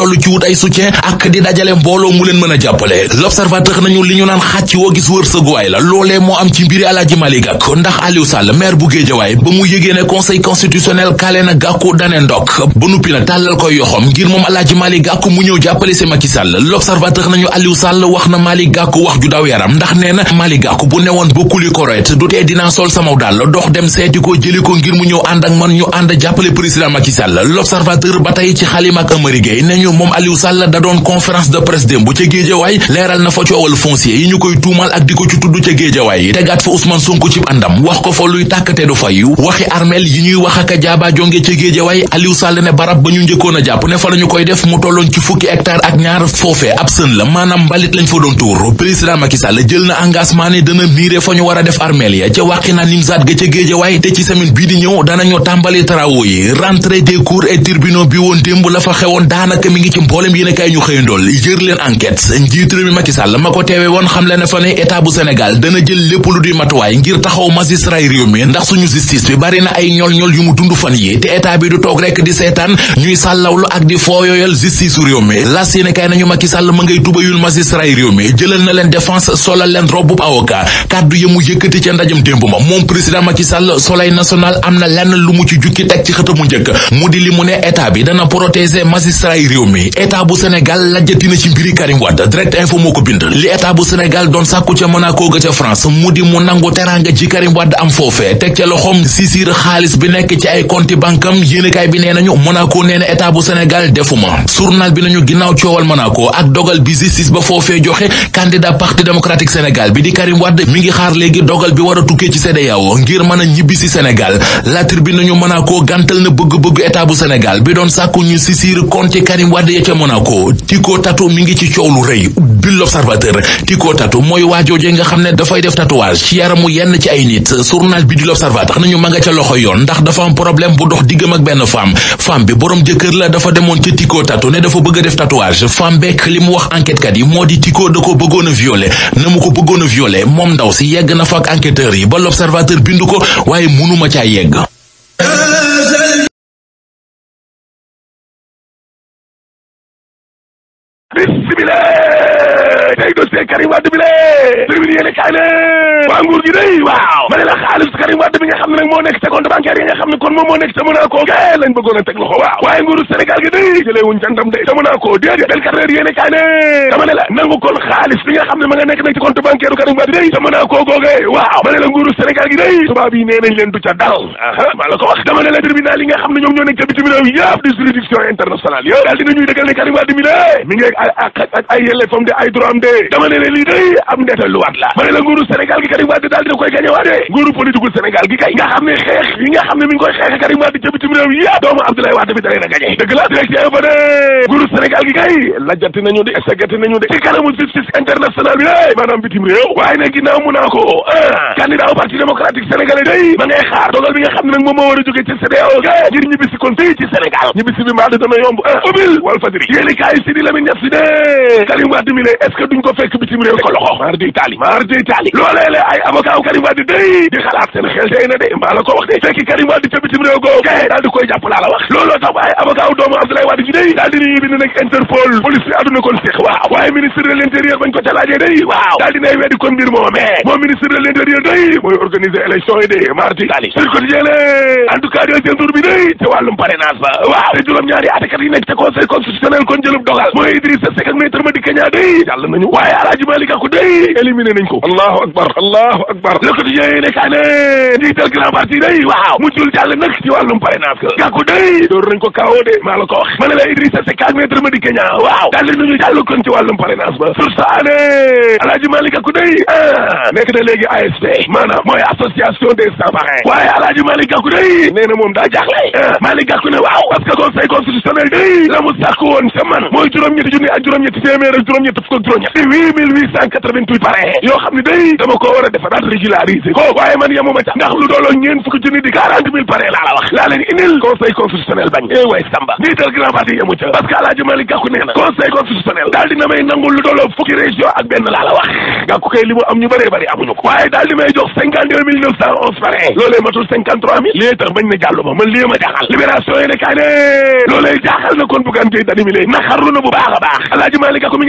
toll ci wut ay soutien ak di dajale mbooloo mu leen a jàppale l'observateur nañu li ñu naan xàcc woo gis wërsëguwaay la loolee moo am ci mbiri Alaaji Malick Gakou ndax Aliou Sall maire bu Guédiawaye ba mu yëgee ne conseil constitutionnel kale na Gakou mu ñëw jàppale si Macky Sall l'observateur wax na Malick Gakou wax ju daw yaram ndax nee na Malick Gakou bu newoon bokkuli koret du tee dinaa sol sama daal dox dem seeti ko jëli ko ngir mu ñëw ànd ak man ñu ànd jàppale président Macky Sall l'observateur ba tey ci xalim ak Amari Gueye moom Aliou Sall da doon conférence de presse démb ca géejawaay leeral na fa coowal foncier yi ñu koy tuumal ak di ko ci tudd ca géejawaay tegaat fa Ousmane Sonko ci àndam wax ko fa luy tàkkate du fayu waxi armeel yi ñuy wax ak a jonge ca géejawaay Aliou Sall ne barab ba ñu njëkkoon a jàpp ne fa la koy def mu tolloon ci fukki hectare ak ñaar foofee ab sën la maanaam mbalit lañ fa doon tuur président Macky Sall jël na engagement ne dana miire fa a def ngi ci mboolem yéenekaay ñu xëyandool jër leen enquête njiitu réew mi Macky Sall ma ko teewe woon xam le na fa ne état Sénégal dana jël lépp lu di matuwaay ngir taxaw magistrat yi réew mi ndax suñu justice bi bari ay ñol-ñol yu mu dund fan yi te état bi du toog rekk di seetaan ñuy sàllawlu ak di fooyoyal justice u réew mi las yéenekaay nañu Macky Sall ma ngay tubayul magistrat yi réew mi jëlal na leen défense solal leen robu avocat kàddu yi mu ma moom mi état bu Sénégal lajjatina ci mbiri Karim Wade direct info moo ko bind li état bu Sénégal doon sàkku ca Monaco ga ca France mu di mu nangu teraanga ji Karim Wade am foofee teg ca loxoom sisir xaalis bi nekk ci ay compte bankam yéenekaay bi nee nañu Monaco nee na état bu Sénégal defuma journal bi nañu ginnaaw coowal Monaco ak dogal bi justice ba foofee joxe candidat parti démocratique Sénégal bi di Karim Wade mi ngi xaar léegi dogal bi war a tukkee ci CEDEAO ngir a ñibbi si Sénégal la tribune nañu Monaco na bëgg-bëgg état bu Sénégal bi doon sàkku ñu sisir Karim Wade ya ca Monaco Tico Tato mi ngi ci coow lu rëy bi l'Observateur Tico Tato mooy waajooje nga xam ne dafay def tatouage ci yaramu yenn ci ay nit journal bi di l'Observateur nañu ma nga ca loxo yoon ndax dafa am problème bu dox diggam ak benn femme femme bi boroom jëkkër la dafa demoon ca Tico Tato ne dafa bëgg a def tatouage femme bekk li mu wax enquête kat yi moo di Tico da ko bëggoon a na mu ko bëggoon a moom ndaw si yegg na fa ak enquêteur yi ba l'Observateur bindu ko waaye mënuma caa yegg bismillah mooy day dossier Karim Wade bi lee tribune yéene kaay ne waa nguur gi day waaw ma ne la xaalis Karim Wade bi nga ne nag moo nekk sa compte bancaire yi nga ne kon moom moo nekk sa Monaco ga lañ bëggoon a teg loxo waaw waaye nguuru Sénégal gi day jëlee wuñ cantam de sa Monaco déedéet vingt-quatre heures yéene kaay ne la nangu kon xaalis bi nga xam ne ma nga nekk nag ci compte bancaire u Karim Wade day sa Monaco googee waaw ko wax dama ne la tribunal yi nga xam ne ñoom ñoo nekk ca de dama ne lii day am ndeeta luwaat la ma ne la nguuru Sénégal gi Karim Wade daal dina koy gañewaat de nguuru politique gu Sénégal gi kay nga xam ne xeex nga xam ne mi ngi xeex Karim Wade ca bitim réew yëpp doomu Abdoulaye Wade bi da leen a gañe dëgg la direction ba de nguuru Sénégal gi kay lajjati nañu de sagati nañu bi de maanaam bitim réew waaye nag ginnaaw mun naa ko ah candidat au day ma ngay xaar dogal bi nga xam ne nag moom moo war a jógee ci duñ ko fekk bitim réew ko loxo maar dey taali maar dey taali loolee la ay avocat wu Karim Wade day di xalaat seen xel day na de mbaa ko wax de fekk Karim Wade ca bitim réew goo kay daal di koy jàpp laa wax looloo tax ba ay avocat wu day daal di nañuy bind Interpol police bi kon séq waaw waaye ministre de l'intérieur day mooy organiser élection yi de maar dey taali sur quotidien kon jëlub dogal mooy Idrissa Seck ak maître Madické Niang day jàll nañu waaye alaaji Malick Gakou day éliminé nañ ko allahu akbar allahu akbar le quotidien yi nekkaa ne njiital grand parti day waaw mujjul jàll nag ci wàllum parrainage ka Gakou day door nañ ko kawo de maa la ko wax ma ne la Idrissa Seck ak maître Madické Niang waaw daldi nañu jàll kon ci wàllum parrainage ba sur saane alaaji Malick Gakou day ah nekk na léegi ASP maanaam mooy association des sans waaye alaaji Malick Gakou day nee na moom daa jaaxle ah, Malick Gakou ne waaw parce que conseil constitutionnel day man mooy juróom ñetti huit mille huit cent quatre vingt yoo xam ne day dama koo war a defaraat régulariser ko waaye man yemuma ca ndax lu dooloo ñeen fukki junni di quarante mille parrain laa la wax laa leen indil conseil constitutionnel bañ eh waay Samba niital grand parti ca parce que Alaaji Malick Gakou nee na conseil constitutionnel daal may nangul lu dooloo fukki région ak benn laa la wax Gakou kay li mu am ñu bëree bëri amuñu ko waaye daal di may jox cinquante deux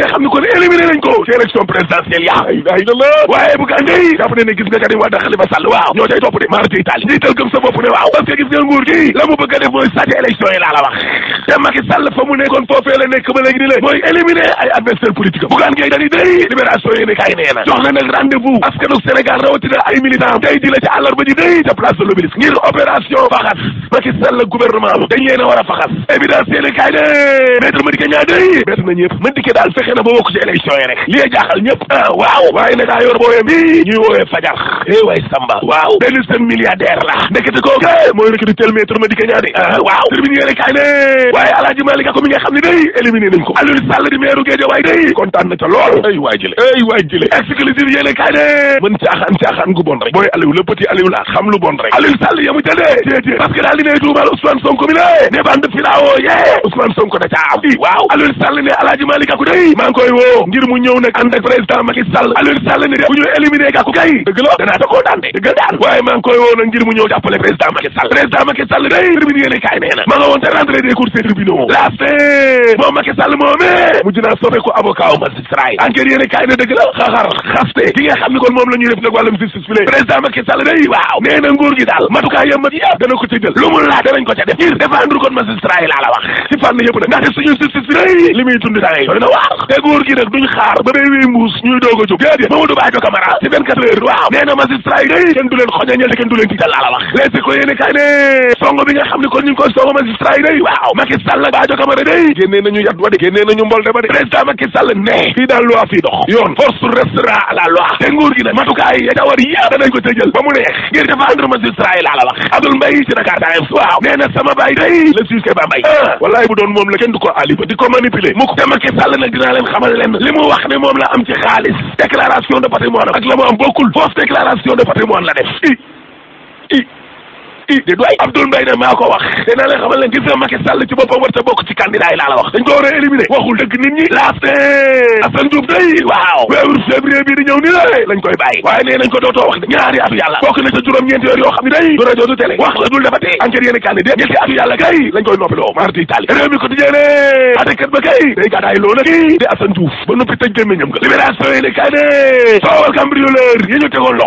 ma mi andi nañ ko ci élection présidentielle yaa ilaha illallah waaye bu ko andee jàpp ne ne gis nga Karim Wade Khalifa Sall waaw ñoo cay topp de marti itali njiital gëm sa bopp ne waaw la mu bëgg a def mooy sàcc élection yi laa la wax te Macky Sall fa mu nekkoon foofee la nekk ba léegi ni la mooy éliminer ay adversaire politique bu gaan ngay dañuy day libération yéene kaay nee na jox na nag rendez-vous askanu Sénégal rawatina ay militant tey di la ci àllarba ji day ca place de l'Obélisque ngir opération faxas Macky a a tooy rek li jaaxal ñëpp ah, waaw waaye ne daa yor booyee bi ñuy woowee fajar eh way samba waaw benn seen milliardaire la ndekete ko eh, mooy rek di tel maître ma di ñaadi waaw terminé yéene kaay ne waaye alaaji Malick ko nga xam ne day éliminé nañ ko Aliou Sall di meeru géejo waay day kontaan ca lool ay eh, waay jële ay eh, waay jële exclusive yéene kaay ne mën caaxaan caaxaan gu bon rek booy Aliou le petit la xam lu bon rek Aliou Sall yamu ca dee déedéet parce que da caa am waaw Aliou Sall ne alaaji Malick ko day maa mu ñëw nag ànd ak président Macky Sall Aliou ni de bu ñu éliminé gàkku kay dëgg la danaa da koo waaye maa ngi koy woo ngir mu ñëw jàppale président Macky Sall président Macky Sall day tribune yéene kaay ma nga woon te rentrée des cours et tribunaux la c moom Macky Sall moomee mujj naa soppe ko avocat u magistrat yi enquête yéene kaay ne dëgg la xaxar xaste gi nga xam ni kon moom la ñuy def nag wàllum justice bi président Macky Sall day waaw nee na gi daal matukaay yam mat yëpp dana ko ci lu mu laaj danañ ko ca def ngir défendre laa la wax ci fànn li muy dund daa yi doy xaar ba réew yi mbuus ñuy doog a jóg déedéet Mamadou Badio Camara ci 24 heures waaw nee na magistrat yi day kenn du leen xoñañal te kenn du leen tiital laa la wax leesi ko yéene kay ne songo bi nga xam ne kon ñu ngi koy songo magistrat yi day waaw Macky Sall ak Badio Camara day génnee nañu yat wa de génnee nañu mbol de ba de président Macky Sall ne fii daal loi fii dox yoon force restera à la loi te nguur gi nag matukaay ya war yëpp danañ ko tëjal ba mu neex ngir défendre magistrat yi laa la wax Abdoul Mbaye ci Dakar Times waaw nee na sama baay day le suisse ba mbay ah, wallaay bu doon moom la kenn du ko alifa di ko manipuler mukk te Macky Sall nag dinaa leen xamal leen mu wax ne moom la am ci xaalis déclaration de patrimoine ak la mu am bokkul fausse déclaration de patrimoine la def parti de du ay Abdoul Mbaye ne maa ko wax te na leen xamal leen gis nga Macky Sall ci boppam war ta bokk ci candidat yi wax dañ ko war a éliminer waxul nit ñi laast Assane Diouf day waaw weeru février bii di ñëw nii la koy bàyyi waaye nee nañ ko wax de ñaari atu yàlla bokk na sa juróom-ñeenti wax la dul defati enquête yéen candidat ñetti atu yàlla kay kii de Assane Diouf ba noppi tëj gémmiñam nga libération yi ne kay ne soowal cambrioleur yi ñu tegoon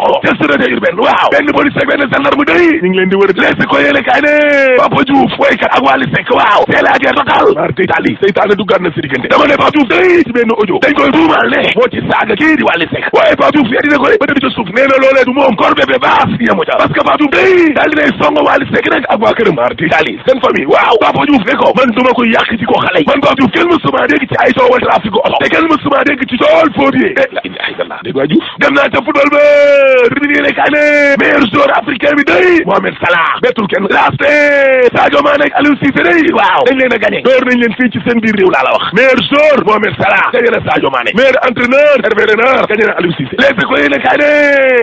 leesi ko yéene kay ne Papa Diouf waykat ak Wally Seck waaw c'est la guerre totale mar day tali seytaane duggaat na si diggante dama ne Papa Diouf day ci benn audio dañ koy tuumal ne moo ci saaga kii di Wally Seck waaye Papa Diouf yeddi na ko de ba tëdd ca suuf nee na loolee du moom kor bébé baas yamu ca parce que Papa Diouf day songo Wally Seck nag ak waa këram waaw Papa Diouf ne ko man duma ko yàq ci ko xale man Papa Diouf kenn mësuma dégg ci ay coowal trafic oto te kenn mësuma dégg ci coowal waaw bettul kenn laste Sadio Mané ak Aliou Cissé day waaw dañ leen a gagné nañ leen fii ci seen biir réew laa wax meilleur joueur Mohamed Salah gagné na Sadio Mané meilleur entraîneur Hervé Renard gagné na Aliou Cissé léegi ko yéene kaay ne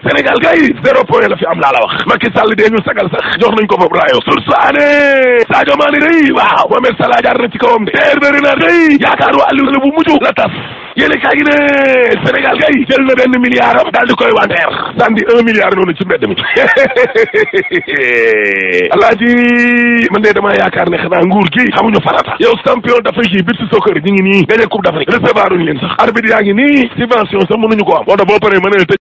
Sénégal gay zéro point la fi am laa la wax Macky sal dee ñu sagal sax jox nañ ko bopp raayo surtout année Sadio Mané day waaw Mohamed Salah jaar na ci kawam de Hervé Renard day yaakaar waa la bu mu la tas yéene kaay gi ne Sénégal gay jël na benn daal di koy wanteer sandi un milliard noonu ci mbedd mi Eh, alaaji man de dama yaakaar ne xanaa nguur gi xamuñu farata yow champion d'Afrique yi bit si soccer ñu ngi nii gagné coupe d'Afrique recevoir uñu leen sax arbitre yaa ngi nii subvention ko am moo tax boo paree mën a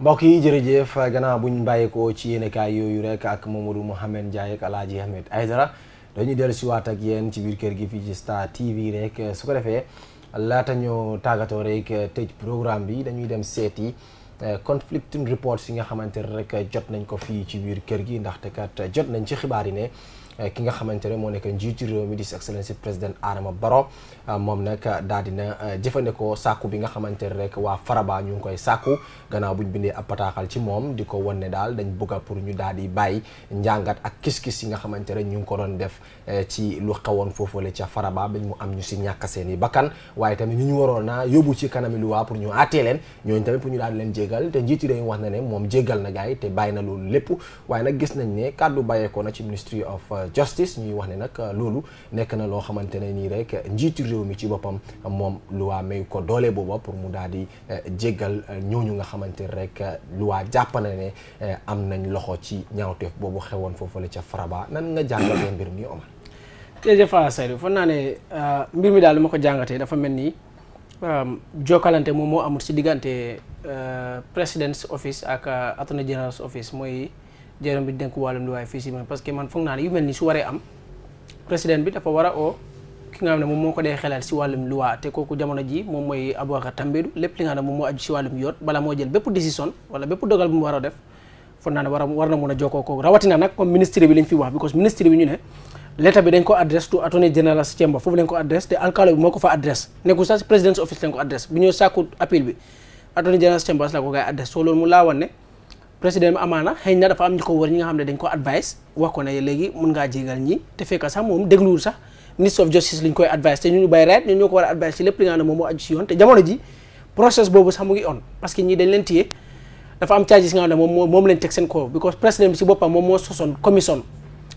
mbokk yi jërëjëf gannaaw buñ bàyyeekoo Ahmed Aydara dañuy dellu si waat ak yéen ci biir kër gi fii ci Star TV rek su ko defee laata ñu tàggatoo rek tëj programme bi dañuy dem seeti Euh, conflicting reports yi nga xamante ne rek jot nañ ko fii ci biir kër gi ndaxte kat jot nañ ci xibaar yi ne Eh, ki nga xamante ne moo nekk njiitu réew mi di His Excellency président Adama Barrow eh, moom nag daal dina eh, jëfandikoo sàkku bi nga xamante ne rek waa farabaa ñu ngi koy sàkku gannaaw buñ bindee ab bataaxal ci moom di ko wan ne daal dañ bëgga pour ñu daal di bàyyi njàngat ak kis-kis yi nga xamante ne ñu ngi ko doon def ci lu xewoon foofule ca Faraba bañ mu am ñu si ñàkk seen i bakkan waaye tamit ñu ñu waroon naa yóbbu ci kanami luwaa pour ñu àttee leen ñooñu tamit pour ñu daal leen jéggal te njiitu wax na ne moom jéggal na gars te bàyyi na loolu lépp waaye nag gis nañ ne kàddu bàyyeekoo na ci ministry justice ñuy wax ne nag euh, loolu nekk na loo xamante ne nii rek njiitu réew mi ci boppam moom luwaa may ko doole booba pour mu daal di euh, jéggal euh, ñooñu nga xamante rek lu waa na ne am nañ loxo ci ñaawteef boobu xewoon la ci farabaa nan nga jàngatee mbir mi Omar. jërëjëf Seydou foog naa ne mbir mi daal li ma ko jàngatee dafa mel ni. jokkalante moom moo amul ci diggante President's Office ak Attorney General's Office mooy. jërëm bi dénk wàllum luwaay fii si man parce que man foog naa yu mel ni su waree am président bi dafa war a oo ki nga xam ne moom moo ko dee xelal si wàllum luwaa te kooku jamono ji moom mooy Aboubacar Tambédou lépp li nga ne moom moo aju si wàllum yoon bala moo jël bépp décision wala bépp dogal bu mu war a def foog naa ne war a war na mun a jokkoo kooku rawatina nag comme ministre bi lañ fi wax because ministre bi ñu ne lettre bi dañ ko adresse président bi amaana xëy na dafa am ñu ko wër ñi nga xam ne dañ ko advice wax ko ne léegi mun ngaa jégal ñi te fekk sax moom dégluwul sax ministre of justice liñ koy advice te ñu ñu bay right ñun ñoo ko war a ci lépp li nga xam ne moom moo leen teg seen kaw because président bi boppam moom moo sosoon commission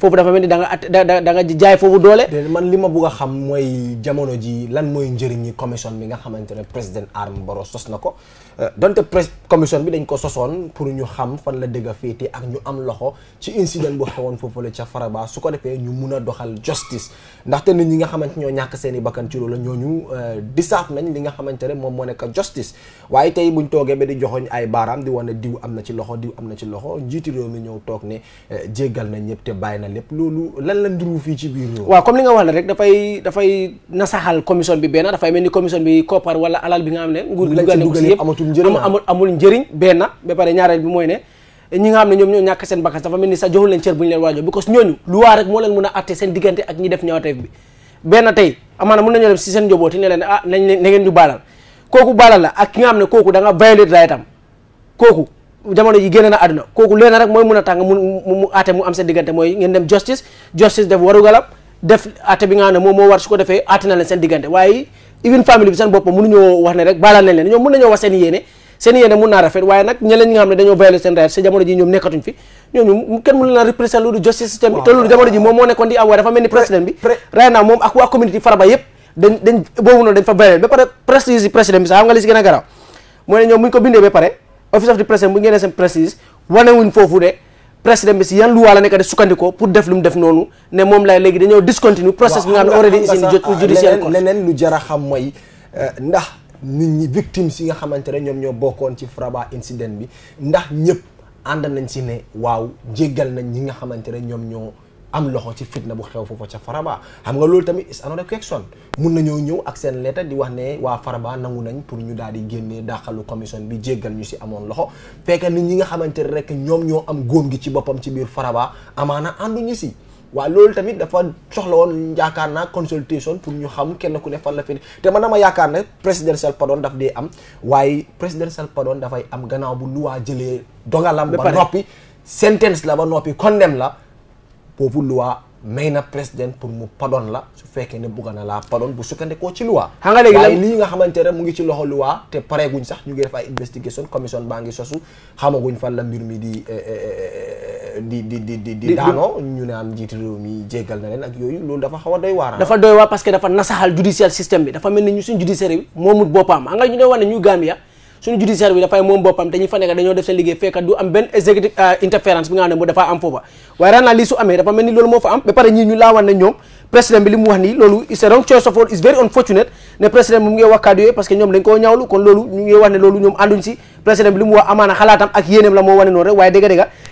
foofu dafa mel ni da nga at danga da jaay foofu doole. man li ma bëgg a xam mooy jamono ji lan mooy njëriñi commission bi nga xamante ne président Adama Barrow sos na ko. Euh, donte presse commission bi dañ ko sosoon pour ñu xam fan la dëgg a féete ak ñu am loxo ci incident bu xewoon foofule ca Faraba su ko defee ñu mun a doxal justice ndaxte nit ñi nga xamante ñoo ñàkk seen i bakkan ci loolu ñooñu euh, disaaf nañ li nga xamante ne moom moo nekk justice waaye tey buñ toogee ba di joxoñ ay baaraam di wane diw am na ci loxo diw am na ci loxo njiiti réew mi ñëw toog ne euh, jéggal na ñëpp te bàyyi na lépp loolu lan la nduru fii ci biir réew waaw comme li nga wax la rek dafay dafay nasaxal bi benn amatul njëriñ amul njëriñ benn ba pare ñaareel bi mooy ne ñi nga xam ne ñoom ñoo ñàkk seen bakkan dafa mel ni sax joxul leen cër bu ñu leen waajoo because ñooñu rek moo leen a seen diggante ak ñi def ñaawteef bi benn tey amaana mën nañoo dem ne ah, kooku baalal la ak ki nga xam ne kooku da nga violate right am kooku jamono yi génn na àdduna kooku leen rek mooy mun a tàng mu mu atte mu am seen diggante mooy ngeen dem justice justice def warugalam def atte bi nga xam ne moom moo war su ko defee atte na leen seen diggante waaye even family bi seen boppam mënuñoo wax ne rek baalaal nañ leen ñoom mën nañoo wax seen yéene seen yéene mun naa rafet waaye nag ñeneen ñi nga xam ne dañoo violé seen rights sa jamono ji moom moo nekkoon di am dafa mel ni président bi right now moom ak waa community faraba yëpp dañ dañ boobu noonu dañ fa violé ba pare press bi sax xam nga li si gën a garaaw mooy ne ñoom buñ ko bindee ba pare office of the president bu ñu seen press président bi si yan luwaa la nekk de sukkandikoo pour def lu mu def noonu ne moom laay léegi dañoo discontinue process bi nga xam ne already is in judicial xam mooy euh, ndax nit ñi victimes yi nga xamante ne ñoom ñoo bokkoon ci Faraba incident bi ndax ñëpp ànd nañ si ne waaw jéggal nañ ñi nga xamante ne ñoom ñoo am loxo ci fitna bu xew foofu ca Faraba xam nga loolu tamit is another question mun nañoo ñëw ak seen lettre di wax ne waa Faraba nangu nañ pour ñu daal di génne dàqalu commission bi jéggal ñu si amoon loxo fekk nit ñi nga xamante ne rek ñoom ñoo am góom gi ci boppam ci biir Faraba amaana ànduñu si waaw loolu tamit dafa soxla woon yaakaar naa consultation pour ñu xam kenn ku ne fan la fi te man ma yaakaar ne presidential pardon daf d am waaye presidential pardon dafay am gannaaw bu luwaa jëlee dogalam ba noppi sentence la ba noppi condemn la foofu loi may na président pour mu pardon la su fekkee ne bugga na laa pardon bu sukkandikoo ci loi xam nga léegi waaye nga xamante ne mu ngi ci loxo loi te pareeguñ sax ñu ngi def ay investigation commission baa ngi sosu xamaguñ fan la mbir mi eh, eh, eh, di di di di di daanoo ñu naan njiitu réew mi jéggal na leen ak yooyu loolu dafa xaw a doy waar dafa doy waar parce que dafa nasaxal judiciaire système bi dafa mel ni ñu suñ judiciaire moom moomut boppam xam nga ñu doon wax ne ñu Gambia suñu judiciaire bi dafay moom boppam dañuy fa nekk dañoo def seen liggéey fekkat du am benn executive euh, interférence bi nga ne a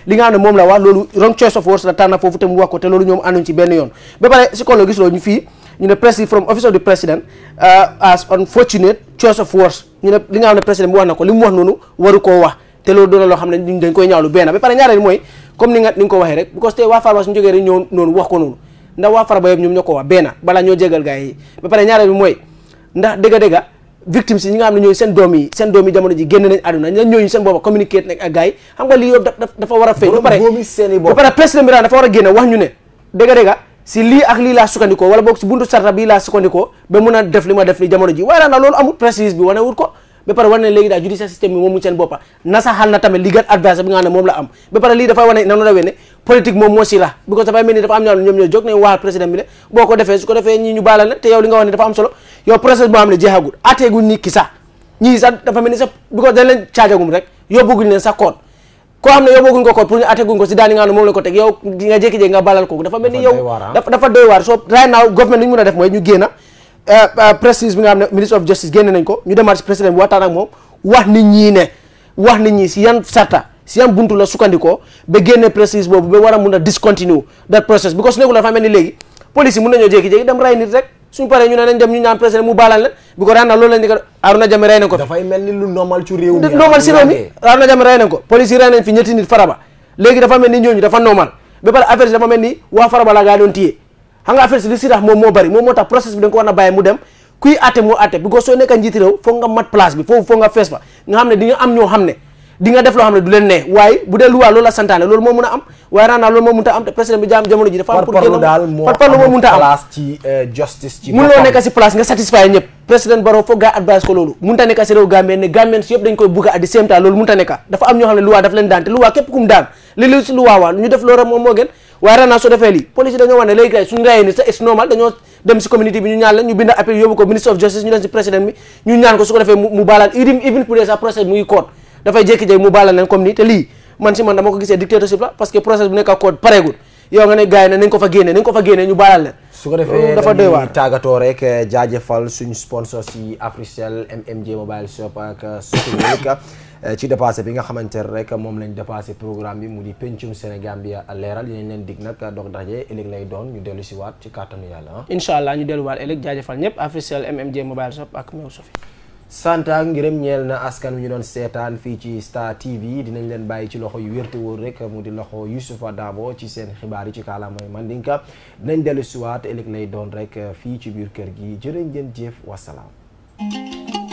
wrong moom la wax loolu wrong choice of words la tànn foofu te mu wax ko te loolu ñoom ànduñ si benn yoon ba pare si loolu ñu fii ñu ne press from president uh, as unfortunate choice of words li nga xam ne président bi wax na ko li mu wax noonu waru koo wax te loolu doon loo xam ne ñun dañ koy ñaawlu benn ba pare ñaareel mooy comme ni nga ñoo noonu wax ko noonu ndax waa Farba yëpp wax xam ne ñooy seen doom seen doom jamono ji génn nañ àdduna ñan ñooñu seen booba communiqué nag ak gars xam nga lii yëpp dafa war a feeñ ba pare président bi dafa war a génn wax ñu ne dëgga-dëgga si lii ak lii laa sukkandikoo wala boog si buntu sarta bii laa sukkandikoo ba mun a def li ma def ni jamono ji waaye daal loolu amul précise bi wane wut ko ba pare wane ne léegi daal judiciaire système bi moom mu seen boppa nasaxal na tamit legal advice bi nga xam ne lii dafay wane nanu rawee ne politique moom moo si la because dafay mel ni dafa am ñoo ñoom ñoo ne waa président bi ne boo ko defee su ko defee ñi ñu baalal la te yow li nga wax dafa am solo yow process boo xam ne jeexagul atteeguñ nit ki sax ñii sax dafa mel ni sax because dañ leen koo xam ne yóbbuguñ ko ko pour ñu atteguñ ko si daani nga xam ne moom la ko teg yow nga jékki-jékki nga balal kooku dafa mel ni ah. so right now ñu mën a def mooy ñu génn eh, eh, prestige bi nga xam ne ministre of justice génn nañ ko ñu demaat si président bi waxtaan moom wax nit ñi ne wax nit ñi si yan sarta si yan buntu la sukkandikoo ba génne prestige boobu ba war a mun a discontinue that process because nekkul dafa mel ni léegi police mun nañoo jékki-jékki dem rey nit suñ paree ñu ne nañ dem ñu ñaan président mu baalaan leen bi ko na loolu lañ ni ko Arouna Diame rey ko dafay mel ni lu normal ci réew mi normal si réew mi Arouna ko police yi rey nañ fi ñetti nit faraba léegi dafa mel ni ñooñu dafa normal ba pare affaire si dafa mel ni waa faraba la gaa doon téye xam affaire si li si tax moom moo bari moom moo tax process bi da ko war a bàyyi mu dem kuy atte moo atte bi soo nekka njiiti réew foog nga mat xam ne di nga def loo loolu moo mun a am ta am euh, si réew Gambien ne Gambien si yëpp dañ koy bugg at the same time loolu mun ta nekk dafa am ñoo xam ne luwaa daf leen daan te luwaa képp kum daan li li si luwaa waa ñu def loolu moo gën waaye raanaa soo defee lii police dañoo wax ne léegi kay suñu rayee ni sa it's normal dañoo dem si community bi ñu ñaan la ñu bind appel yóbbu ko ministre of justice ñu dem si président bi ñu ñaan ko su ko defee mu baalal dafay jékki-jékki mu baale leen comme nii te lii man si man dama ko gisee dictatorship la parce que process bu nekk ak code pareegul yow nga ne gars yi ne nañ ko fa génne nañ ko fa génne ñu baalal leen dafa doy waar rek eh, jaajëfal suñu sponsor si Africell MMJ mobile shop ak eh, Sukulik eh, ci dépassé bi nga xamante rek di pencum Sénégal bi daje ëllëg lay ñu dellu si waat ci kàttanu yàlla ah incha allah ñu delluwaat ëllëg jaajëfal ñëpp Africell MMJ mobile shop ak meew Sofi sant ak ngërëm ñeel na askan wi ñu doon seetaan fii ci Star TV dinañ leen bàyyi ci loxo yu wérte wóor rek mu di loxo Youssoufa Dabo ci seen xibaar yi ci kàllaamay Mandinka dinañ dellu siwaat ëllëg lay doon rek fii ci biir kër gi jërë ngeen jëf wasalaam